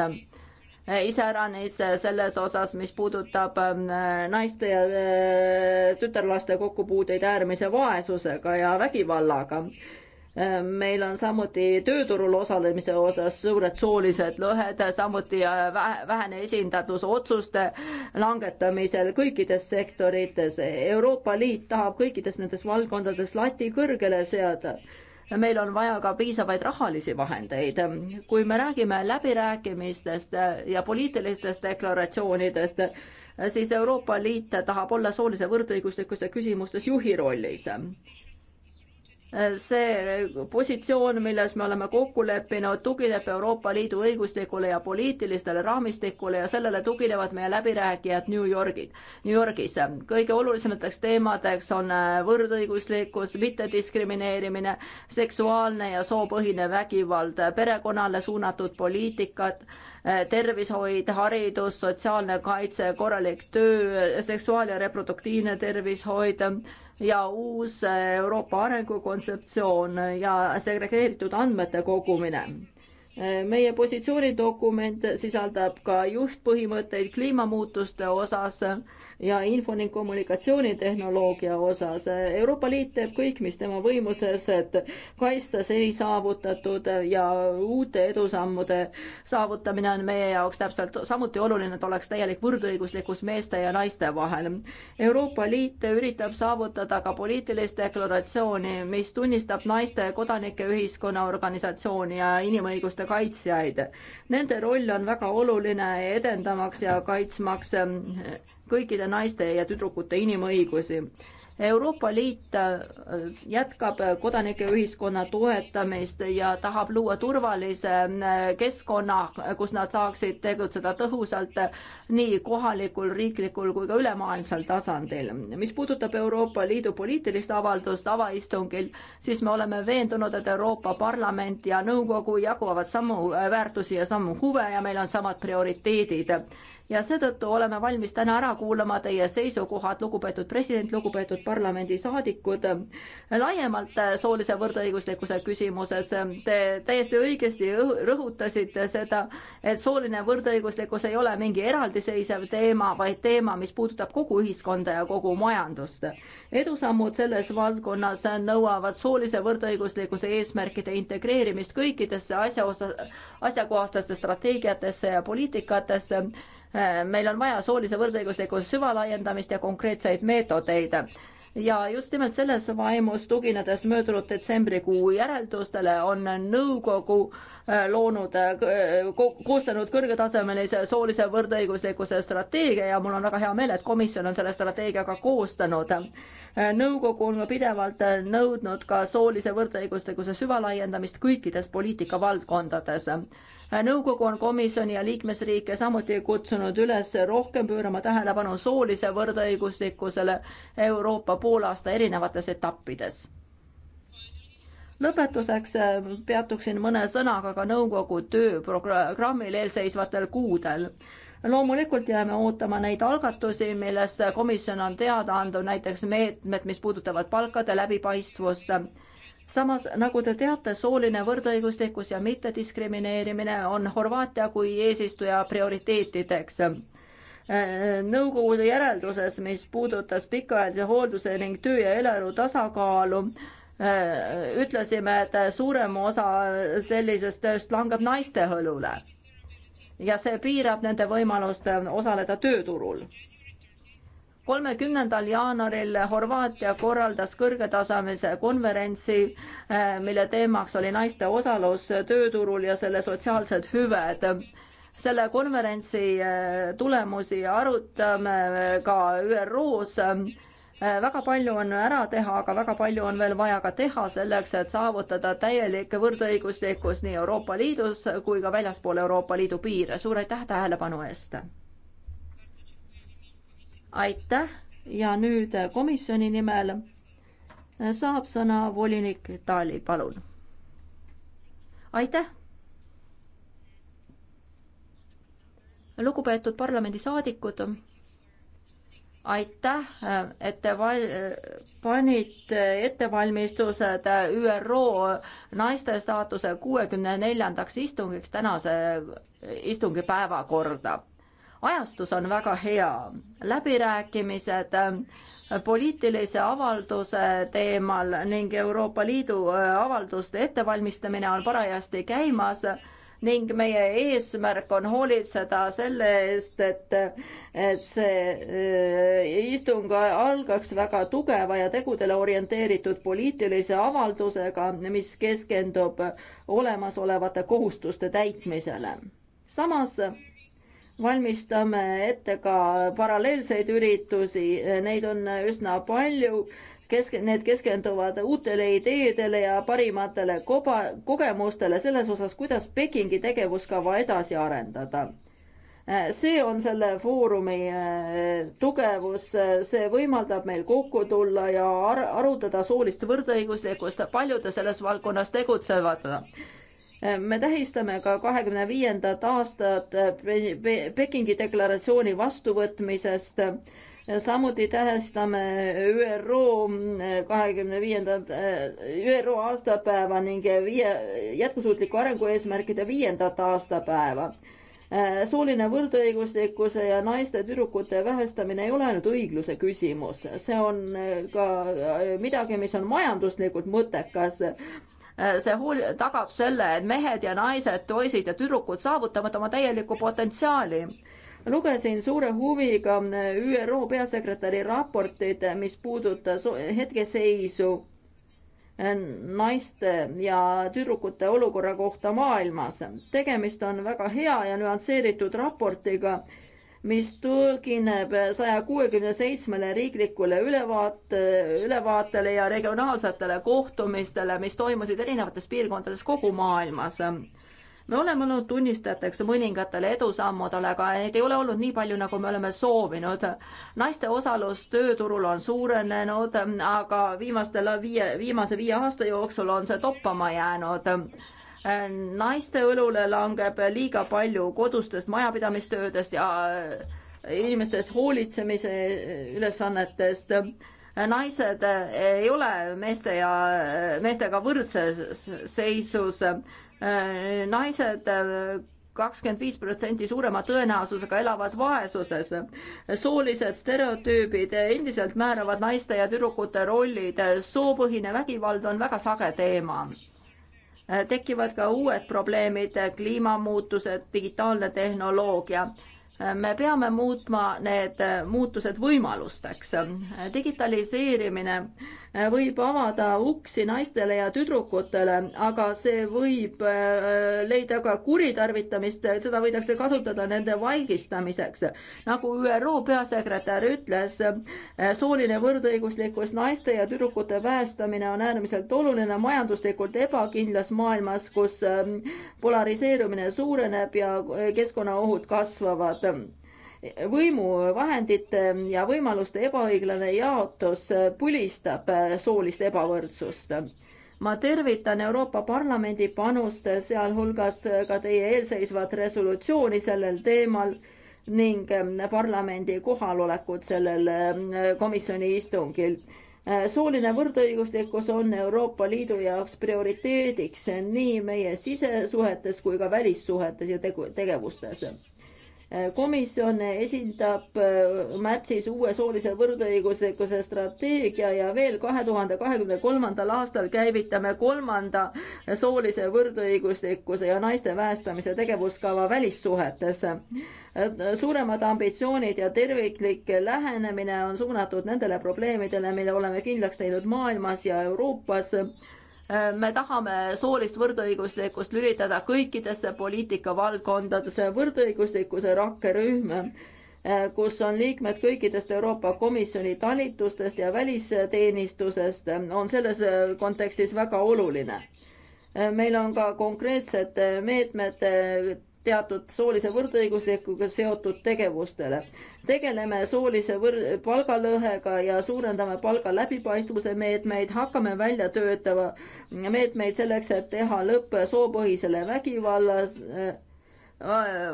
iseäranis selles osas, mis puudutab äh, naiste ja äh, tütarlaste kokkupuuteid äärmise vaesusega ja vägivallaga. Äh, meil on samuti tööturul osalemise osas suured soolised lõhed, samuti äh, vähene esindatus otsuste langetamisel kõikides sektorites. Euroopa Liit tahab kõikides nendes valdkondades lati kõrgele seada meil on vaja ka piisavaid rahalisi vahendeid. kui me räägime läbirääkimistest ja poliitilistest deklaratsioonidest, siis Euroopa Liit tahab olla soolise võrdõiguslikkuse küsimustes juhi rollis Äh, see äh, positsioon, milles me oleme kokku leppinud, tugineb Euroopa Liidu õiguslikule ja poliitilistele raamistikule ja sellele tuginevad meie läbirääkijad New Yorgid, New Yorgis. kõige olulisemateks teemadeks on äh, võrdõiguslikkus, mittediskrimineerimine, seksuaalne ja soopõhine vägivald, perekonnale suunatud poliitikad, tervishoid, haridus, sotsiaalne kaitse, korralik töö, seksuaal- ja reproduktiivne tervishoid ja uus Euroopa arengukontseptsioon ja segregeeritud andmete kogumine meie positsioonidokument sisaldab ka juhtpõhimõtteid kliimamuutuste osas ja info- ning kommunikatsioonitehnoloogia osas. Euroopa Liit teeb kõik, mis tema võimuses, et kaitsta seni saavutatud ja uute edusammude saavutamine on meie jaoks täpselt samuti oluline, et oleks täielik võrdõiguslikkus meeste ja naiste vahel. Euroopa Liit üritab saavutada ka poliitilist deklaratsiooni, mis tunnistab naiste kodanike ühiskonna organisatsiooni ja inimõiguste kaitsjaid. Nende roll on väga oluline edendamaks ja kaitsmaks kõikide naiste ja tüdrukute inimõigusi. Euroopa Liit äh, jätkab kodanikeühiskonna toetamist ja tahab luua turvalise äh, keskkonna, kus nad saaksid tegutseda tõhusalt äh, nii kohalikul, riiklikul kui ka ülemaailmsel tasandil. mis puudutab Euroopa Liidu poliitilist avaldust avaistungil, siis me oleme veendunud, et Euroopa Parlament ja Nõukogu jaguvad samu väärtusi ja samu huve ja meil on samad prioriteedid ja seetõttu oleme valmis täna ära kuulama teie seisukohad, lugupeetud president, lugupeetud parlamendisaadikud, laiemalt soolise võrdõiguslikkuse küsimuses. Te täiesti õigesti rõhutasite seda, et sooline võrdõiguslikkus ei ole mingi eraldiseisev teema, vaid teema, mis puudutab kogu ühiskonda ja kogu majandust. edusammud selles valdkonnas nõuavad soolise võrdõiguslikkuse eesmärkide integreerimist kõikidesse asjaosa, asjakohastesse strateegiatesse ja poliitikatesse Äh, meil on vaja soolise võrdõiguslikkuse süvalaiendamist ja konkreetseid meetodeid ja just nimelt selles vaimus, tuginedes möödunud detsembrikuu järeldustele, on nõukogu äh, loonud, äh, koostanud kõrgetasemelise soolise võrdõiguslikkuse strateegia ja mul on väga hea meel, et komisjon on selle strateegiaga koostanud. nõukogu on pidevalt nõudnud ka soolise võrdõiguslikkuse süvalaiendamist kõikides poliitikavaldkondades nõukogu on komisjoni ja liikmesriike samuti kutsunud üles rohkem pöörama tähelepanu soolise võrdõiguslikkusele Euroopa poolaasta erinevates etappides lõpetuseks äh, peatuksin mõne sõnaga ka nõukogu tööprogrammil eelseisvatel kuudel loomulikult jääme ootama neid algatusi, millest komisjon on teada andnud, näiteks meetmed, mis puudutavad palkade läbipaistvust samas, nagu te teate, sooline võrdõiguslikkus ja mittediskrimineerimine on Horvaatia kui eesistuja prioriteetideks. Äh, nõukogu järelduses, mis puudutas pikaajalise hoolduse ning töö ja eraelu tasakaalu, äh, ütlesime, et suurem osa sellisest tööst langeb naiste õlule ja see piirab nende võimalust osaleda tööturul kolmekümnendal jaanuaril Horvaatia korraldas kõrgetasemelise konverentsi, eh, mille teemaks oli naiste osalus tööturul ja selle sotsiaalsed hüved. selle konverentsi eh, tulemusi arutame ka ÜRO-s. Eh, väga palju on ära teha, aga väga palju on veel vaja ka teha selleks, et saavutada täielik võrdõiguslikkus nii Euroopa Liidus kui ka väljaspool Euroopa Liidu piire. suur aitäh tähelepanu eest! aitäh ja nüüd komisjoni nimel saab sõna volinik Tali, palun. aitäh. lugupeetud parlamendisaadikud, aitäh, et te val-, panite ettevalmistused ÜRO naiste staatuse kuuekümne neljandaks istungiks tänase istungi päevakorda ajastus on väga hea, läbirääkimised äh, poliitilise avalduse teemal ning Euroopa Liidu äh, avalduste ettevalmistamine on parajasti käimas ning meie eesmärk on hoolitseda selle eest, et, et see äh, istung algaks väga tugeva ja tegudele orienteeritud poliitilise avaldusega, mis keskendub olemasolevate kohustuste täitmisele. samas valmistame ette ka paralleelseid üritusi, neid on üsna palju, kesk-, need keskenduvad uutele ideedele ja parimatele koba-, kogemustele selles osas, kuidas Pekingi tegevuskava edasi arendada. see on selle foorumi eh, tugevus, see võimaldab meil kokku tulla ja ar-, arutada soolist võrdõiguslikkust paljude selles valdkonnas tegutsevad me tähistame ka kahekümne viiendat aastat Pekingi deklaratsiooni vastuvõtmisest. samuti tähistame ÜRO kahekümne viiendat, ÜRO aastapäeva ning viie, jätkusuutliku arengu eesmärkide viiendat aastapäeva sooline võrdõiguslikkuse ja naiste tüdrukute vähestamine ei ole ainult õigluse küsimus, see on ka midagi, mis on majanduslikult mõttekas. Äh, see hool-, tagab selle, et mehed ja naised, poisid ja tüdrukud saavutavad oma täielikku potentsiaali. lugesin suure huviga äh, ÜRO peasekretäri raportit, äh, mis puudutas hetkeseisu naiste ja tüdrukute olukorra kohta maailmas. tegemist on väga hea ja nüansseeritud raportiga mis tugineb saja kuuekümne seitsmele riiklikule ülevaate, ülevaatele ja regionaalsetele kohtumistele, mis toimusid erinevates piirkondades kogu maailmas. me oleme olnud tunnistajateks mõningatele edusammudele, aga neid ei ole olnud nii palju, nagu me oleme soovinud. naiste osalus tööturul on suurenenud, aga viimastel viie, viimase viie aasta jooksul on see toppama jäänud naiste õlule langeb liiga palju kodustest majapidamistöödest ja äh, inimestest hoolitsemise ülesannetest. naised äh, ei ole meeste ja, äh, meestega võrdses seisus. naised kakskümmend viis protsenti suurema tõenäosusega elavad vaesuses. soolised stereotüübid endiselt määravad naiste ja tüdrukute rollid, soopõhine vägivald on väga sage teema Äh, tekivad ka uued probleemid, äh, kliimamuutused, digitaalne tehnoloogia. Äh, me peame muutma need muutused võimalusteks. digitaliseerimine Äh, võib avada uksi naistele ja tüdrukutele, aga see võib äh, leida ka kuritarvitamist, seda võidakse kasutada nende vaigistamiseks. nagu ÜRO peasekretär ütles, äh, sooline võrdõiguslikkus naiste ja tüdrukute päästamine on äärmiselt oluline majanduslikult ebakindlas maailmas, kus ähm, polariseerumine suureneb ja keskkonnaohud kasvavad võimuvahendite ja võimaluste ebaõiglane jaotus põlistab soolist ebavõrdsust. ma tervitan Euroopa Parlamendi panust, sealhulgas ka teie eelseisvat resolutsiooni sellel teemal ning parlamendi kohalolekut sellel äh, komisjoni istungil äh, sooline võrdõiguslikkus on Euroopa Liidu jaoks prioriteediks nii meie sisesuhetes kui ka välissuhetes ja tegu, tegevustes komisjon esindab äh, märtsis uue soolise võrdõiguslikkuse strateegia ja veel kahe tuhande kahekümne kolmandal aastal käivitame kolmanda soolise võrdõiguslikkuse ja naiste väestamise tegevuskava välissuhetes. Äh, suuremad ambitsioonid ja terviklik lähenemine on suunatud nendele probleemidele, mille oleme kindlaks teinud maailmas ja Euroopas me tahame soolist võrdõiguslikkust lülitada kõikidesse poliitikavaldkondadesse, võrdõiguslikkuse rakkerühm, eh, kus on liikmed kõikidest Euroopa Komisjoni talitustest ja välisteenistusest, on selles eh, kontekstis väga oluline. Eh, meil on ka konkreetsed meetmed teatud soolise võrdõiguslikkuga seotud tegevustele. tegeleme soolise võr-, palgalõhega ja suurendame palga läbipaistvuse meetmeid, hakkame välja töötama meetmeid selleks, et teha lõpp soopõhisele vägivallas äh,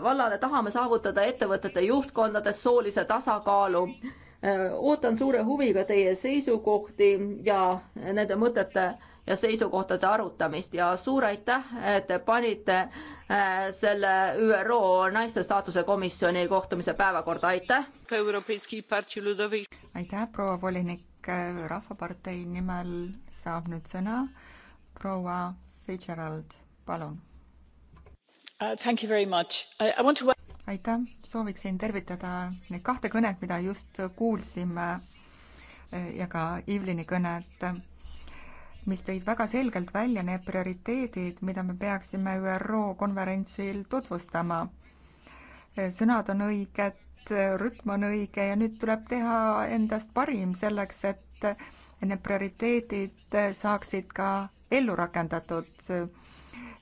vallale tahame saavutada ettevõtete juhtkondades soolise tasakaalu. Äh, ootan suure huviga teie seisukohti ja nende mõtete ja seisukohtade arutamist ja suur aitäh, et te panite äh, selle ÜRO naiste staatuse komisjoni kohtumise päevakorda, aitäh! aitäh, proua volinik, Rahvapartei nimel saab nüüd sõna proua Fitzgerald, palun uh,. To... aitäh, sooviksin tervitada neid kahte kõnet, mida just kuulsime äh, ja ka Ivlini kõnet mis tõid väga selgelt välja need prioriteedid, mida me peaksime ÜRO konverentsil tutvustama. sõnad on õiged, rütm on õige ja nüüd tuleb teha endast parim selleks, et need prioriteedid saaksid ka ellu rakendatud.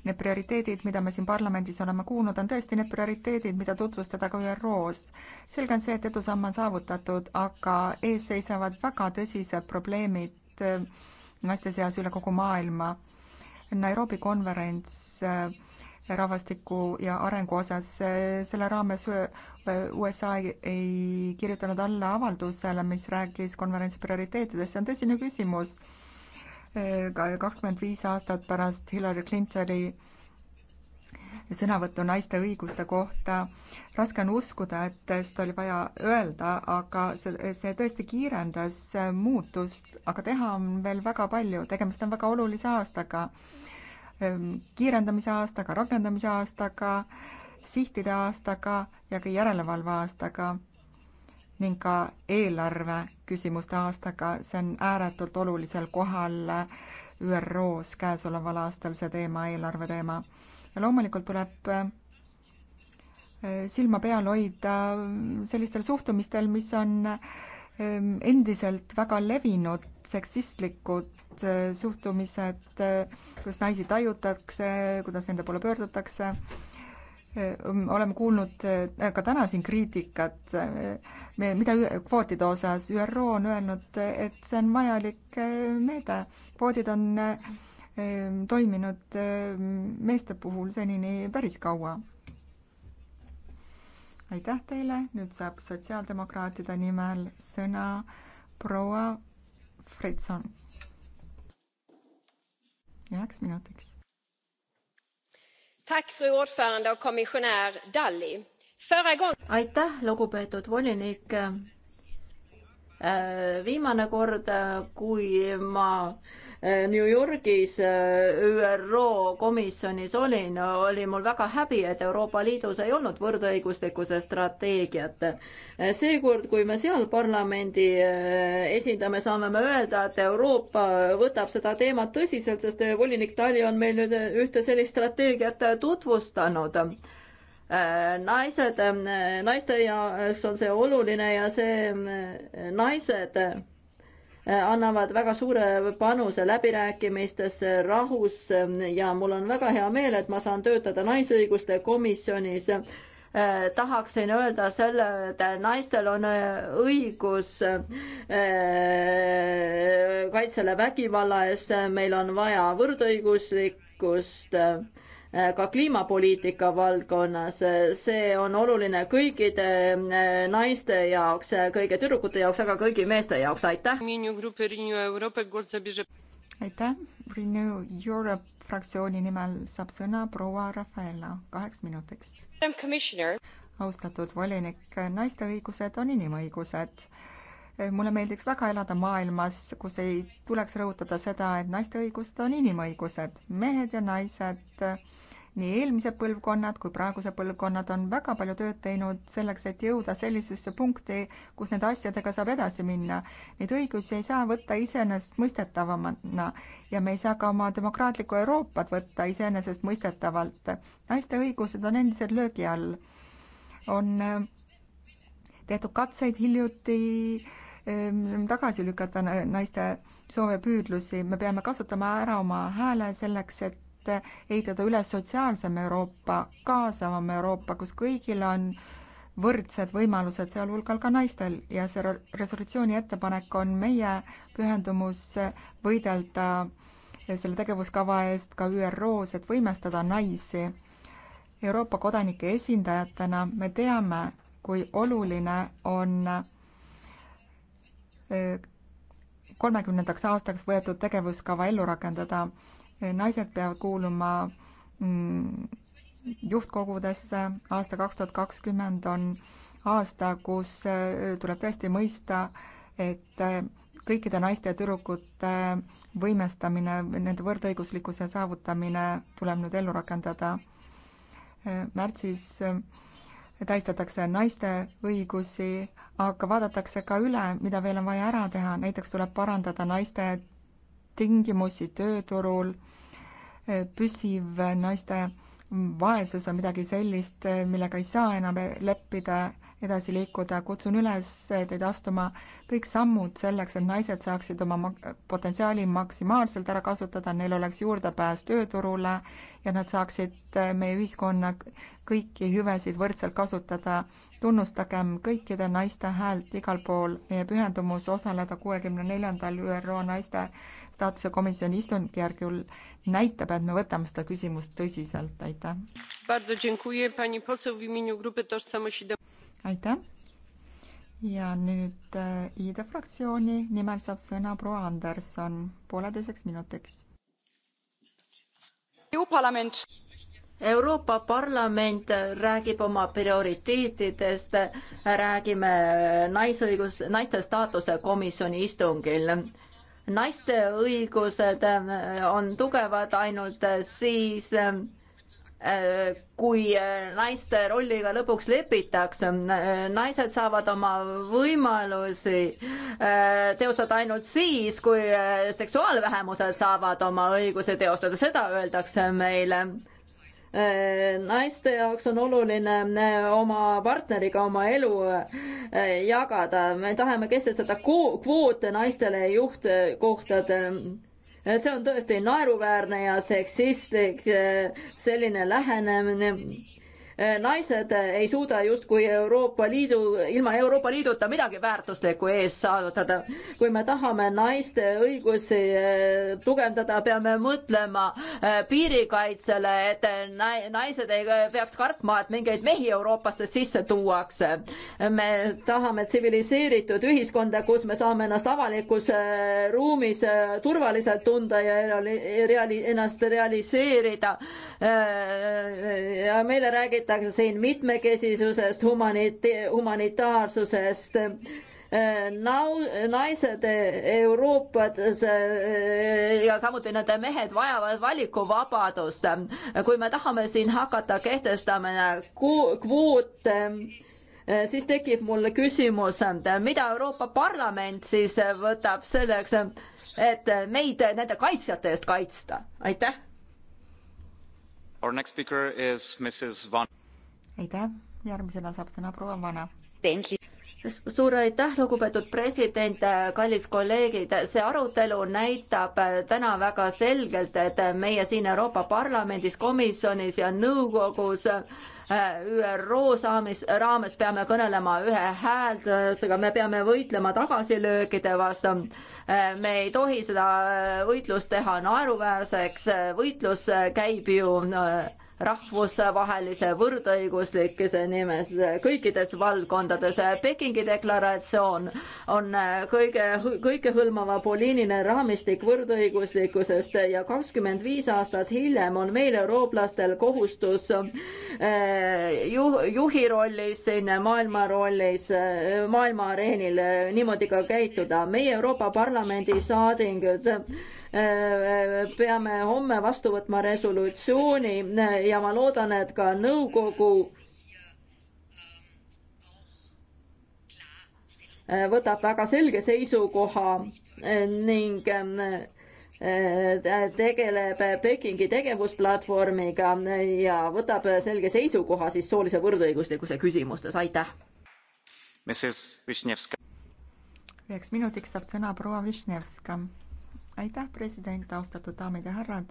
Need prioriteedid, mida me siin parlamendis oleme kuulnud, on tõesti need prioriteedid, mida tutvustada ka ÜRO-s. selge on see, et edusamm on saavutatud, aga ees seisavad väga tõsised probleemid naiste seas üle kogu maailma. Nairobi konverents äh, rahvastiku ja arengu osas, äh, selle raames äh, USA ei kirjutanud alla avaldusele, mis rääkis konverentsi prioriteetidest, see on tõsine küsimus. kakskümmend viis aastat pärast Hillary Clintoni sõnavõttu naiste õiguste kohta. raske on uskuda, et seda oli vaja öelda, aga see, see tõesti kiirendas muutust, aga teha on veel väga palju, tegemist on väga olulise aastaga. Ehm, kiirendamise aastaga, rakendamise aastaga, sihtide aastaga ja ka järelevalve aastaga ning ka eelarve küsimuste aastaga, see on ääretult olulisel kohal ÜRO-s käesoleval aastal see teema, eelarve teema ja loomulikult tuleb äh, silma peal hoida sellistel suhtumistel, mis on ähm, endiselt väga levinud seksistlikud äh, suhtumised, äh, kuidas naisi tajutakse, kuidas nende poole pöördutakse. oleme kuulnud ka täna siin kriitikat, mida kvootide osas ÜRO on öelnud, et see on vajalik meede, kvoodid on Ehm, toiminud ehm, meeste puhul senini päris kaua. aitäh teile, nüüd saab sotsiaaldemokraatide nimel sõna proua Fritson. üheks minutiks. aitäh, lugupeetud volinik. Äh, viimane kord, äh, kui ma äh, Äh, New Yorgis äh, ÜRO komisjonis olin, oli mul väga häbi, et Euroopa Liidus ei olnud võrdõiguslikkuse strateegiat. Äh, seekord, kui me seal parlamendi esindame, saame me öelda, et Euroopa võtab seda teemat tõsiselt, sest volinik Tali on meil nüüd ühte sellist strateegiat tutvustanud naised, naiste jaoks on see oluline ja see naised Äh, annavad väga suure panuse läbirääkimistesse, rahusse ja mul on väga hea meel, et ma saan töötada Naisõiguste Komisjonis. Äh, tahaksin öelda selle, et naistel on äh, õigus kaitsele vägivalla eest, meil on vaja võrdõiguslikkust Äh, ka kliimapoliitika valdkonnas. see on oluline kõikide äh, naiste jaoks, äh, kõigi tüdrukute jaoks, aga kõigi meeste jaoks, aitäh! aitäh, Renew Europe fraktsiooni nimel saab sõna proua Rafaela kaheks minutiks. austatud volinik, naiste õigused on inimõigused mulle meeldiks väga elada maailmas, kus ei tuleks rõhutada seda, et naiste õigused on inimõigused. mehed ja naised nii eelmised põlvkonnad kui praegused põlvkonnad on väga palju tööd teinud selleks, et jõuda sellisesse punkti, kus nende asjadega saab edasi minna. Neid õigusi ei saa võtta iseenesestmõistetavana ja me ei saa ka oma demokraatlikku Euroopat võtta iseenesestmõistetavalt. naiste õigused on endiselt löögi all. on äh, tehtud katseid hiljuti ähm, tagasi lükata naiste soove püüdlusi, me peame kasutama ära oma hääle selleks, et et ehitada üles sotsiaalsem Euroopa, kaasavam Euroopa, kus kõigil on võrdsed võimalused, sealhulgal ka naistel ja see resolutsiooni ettepanek on meie pühendumus võidelda selle tegevuskava eest ka ÜRO-s, et võimestada naisi. Euroopa kodanike esindajatena me teame, kui oluline on eh, kolmekümnendaks aastaks võetud tegevuskava ellu rakendada naised peavad kuuluma mm, juhtkogudesse, aasta kaks tuhat kakskümmend on aasta, kus äh, tuleb tõesti mõista, et äh, kõikide naiste ja tüdrukute võimestamine, nende võrdõiguslikkuse saavutamine tuleb nüüd ellu rakendada. Äh, märtsis tähistatakse naiste õigusi, aga vaadatakse ka üle, mida veel on vaja ära teha, näiteks tuleb parandada naiste tingimusi tööturul, püsiv naiste vaesus on midagi sellist, millega ei saa enam leppida edasi liikuda, kutsun üles teid astuma kõik sammud selleks, et naised saaksid oma mak-, potentsiaali maksimaalselt ära kasutada, neil oleks juurdepääs tööturule ja nad saaksid eh, meie ühiskonna kõiki hüvesid võrdselt kasutada. tunnustagem kõikide naiste häält igal pool, meie pühendumus osaleda kuuekümne neljandal ÜRO naiste staatuse komisjoni istungjärgul näitab, et me võtame seda küsimust tõsiselt, aitäh aitäh! ja nüüd äh, IDE fraktsiooni nimel saab sõna proua Anderson pooleteiseks minutiks. Euroopa Parlament räägib oma prioriteetidest, räägime naisõigus, naiste staatuse komisjoni istungil. naiste õigused äh, on tugevad ainult siis, äh, kui äh, naiste rolliga lõpuks lepitakse, äh, naised saavad oma võimalusi äh, teostada ainult siis, kui seksuaalvähemused saavad oma õigusi teostada, seda öeldakse meile. naiste jaoks on oluline oma partneriga oma elu jagada, me tahame kehtestada kvoote naistele juhtkohtadel see on tõesti naeruväärne ja seksistlik eh, selline lähenemine Äh, naised äh, ei suuda justkui Euroopa Liidu, ilma Euroopa Liiduta midagi väärtuslikku ees saavutada. kui me tahame naiste õigusi äh, tugevdada, peame mõtlema piirikaitsele, et naised ei peaks kartma, et mingeid mehi Euroopasse sisse tuuakse. me tahame tsiviliseeritud ühiskonda, kus me saame ennast avalikus ruumis turvaliselt tunda ja reali-, ennast realiseerida. ja meile räägitakse räägitakse siin mitmekesisusest, humanita-, humanitaarsusest nau-, naised Euroopas eh, ja samuti nende mehed vajavad valikuvabadust. kui me tahame siin hakata kehtestama kvoote, eh, siis tekib mul küsimus, mida Euroopa Parlament siis võtab selleks, et meid nende kaitsjate eest kaitsta, aitäh. Our next speaker is Mrs Van aitäh, järgmisena saab sõna proua Vana suur aitäh, lugupeetud president, kallis kolleegid, see arutelu näitab äh, täna väga selgelt, et meie siin Euroopa Parlamendis, komisjonis ja nõukogus äh, ÜRO saamis, raames peame kõnelema ühe hääldusega, me peame võitlema tagasilöökide vastu. Äh, me ei tohi seda võitlust teha naeruväärseks, võitlus käib ju no, rahvusvahelise võrdõiguslikkuse nimes kõikides valdkondades. Pekingi deklaratsioon on kõige, kõikehõlmava poliitiline raamistik võrdõiguslikkusest ja kakskümmend viis aastat hiljem on meil, eurooplastel, kohustus eh, ju, juhi rollis, siin maailma rollis, eh, maailma areenil niimoodi ka käituda. meie Euroopa Parlamendi saadingud peame homme vastu võtma resolutsiooni ja ma loodan, et ka nõukogu võtab väga selge seisukoha ning äh, tegeleb Pekingi tegevusplatvormiga ja võtab selge seisukoha siis soolise võrdõiguslikkuse küsimustes, aitäh. üheks minutiks saab sõna proua Višnevska aitäh, president, austatud daamid ja härrad.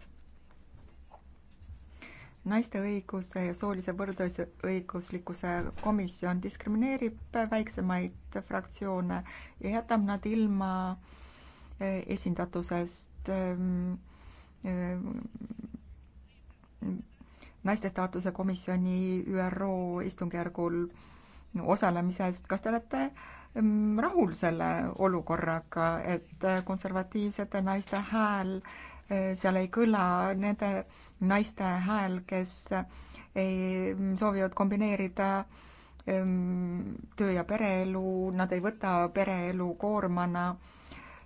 naiste õiguse ja soolise võrdõiguslikkuse komisjon diskrimineerib väiksemaid fraktsioone ja jätab nad ilma eh, esindatusest ehm, ehm, naiste staatuse komisjoni ÜRO istungjärgul osalemisest. kas te olete äh, rahul selle olukorraga, et äh, konservatiivsete naiste hääl äh, seal ei kõla, nende naiste hääl, kes äh, ei, mm, soovivad kombineerida töö- ja pereelu, nad ei võta pereelu koormana,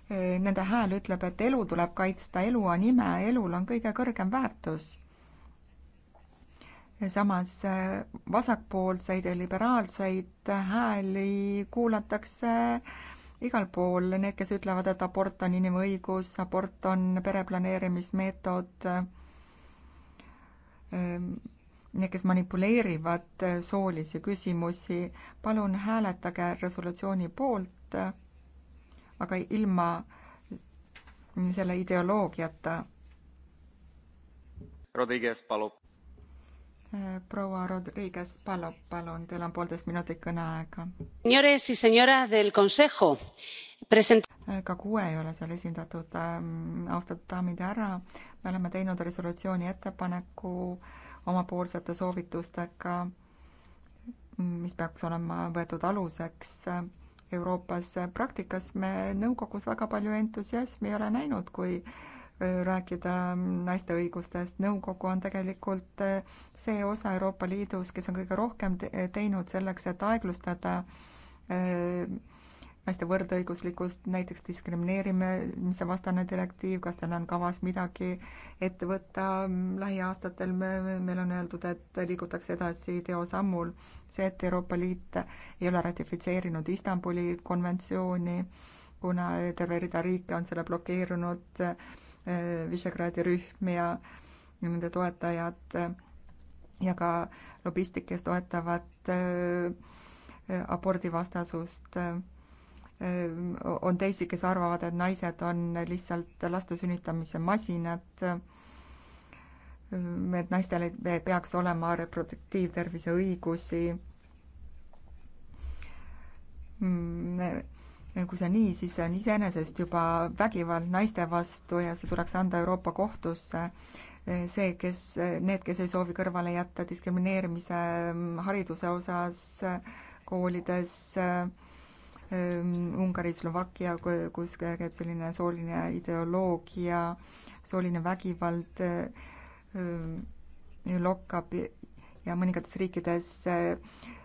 nende hääl ütleb, et elu tuleb kaitsta, elu on ime, elul on kõige kõrgem väärtus samas äh, vasakpoolseid ja liberaalseid hääli kuulatakse igal pool, need, kes ütlevad, et abort on inimõigus, abort on pereplaneerimismeetod, ähm, need, kes manipuleerivad soolisi küsimusi, palun hääletage resolutsiooni poolt, aga ilma selle ideoloogiata. Rodriguez palub Eh, proua Rodriguez Palo, palun, teil on poolteist minutit kõneaega. Eh, ka kuue ei ole seal esindatud. Ähm, austatud daamid ja härra, me oleme teinud resolutsiooni ettepaneku omapoolsete soovitustega, mis peaks olema võetud aluseks äh, Euroopas praktikas. me nõukogus väga palju entusiasmi ei ole näinud, kui rääkida naiste õigustest. nõukogu on tegelikult eh, see osa Euroopa Liidus, kes on kõige rohkem eh, teinud selleks, et aeglustada eh, naiste võrdõiguslikkust, näiteks diskrimineerimise vastane direktiiv, kas teil on kavas midagi ette võtta mm, lähiaastatel, me, meil on öeldud, et liigutakse edasi teosammul. see, et Euroopa Liit ei ole ratifitseerinud Istanbuli konventsiooni, kuna terve rida riike on selle blokeerunud, Visegradi rühm ja nende toetajad äh, ja ka lobistid, kes toetavad äh, äh, abordivastasust. on teisi, kes arvavad, et naised on lihtsalt laste sünnitamise masinad, et naistel ei peaks olema reproduktiivtervise õigusi mm, kui see nii, siis see on iseenesest juba vägivald naiste vastu ja see tuleks anda Euroopa Kohtusse. see, kes, need, kes ei soovi kõrvale jätta diskrimineerimise mm, hariduse osas koolides, mm, Ungari, Slovakkia, kus käib selline sooline ideoloogia, sooline vägivald mm, lokkab ja mõningates riikides äh,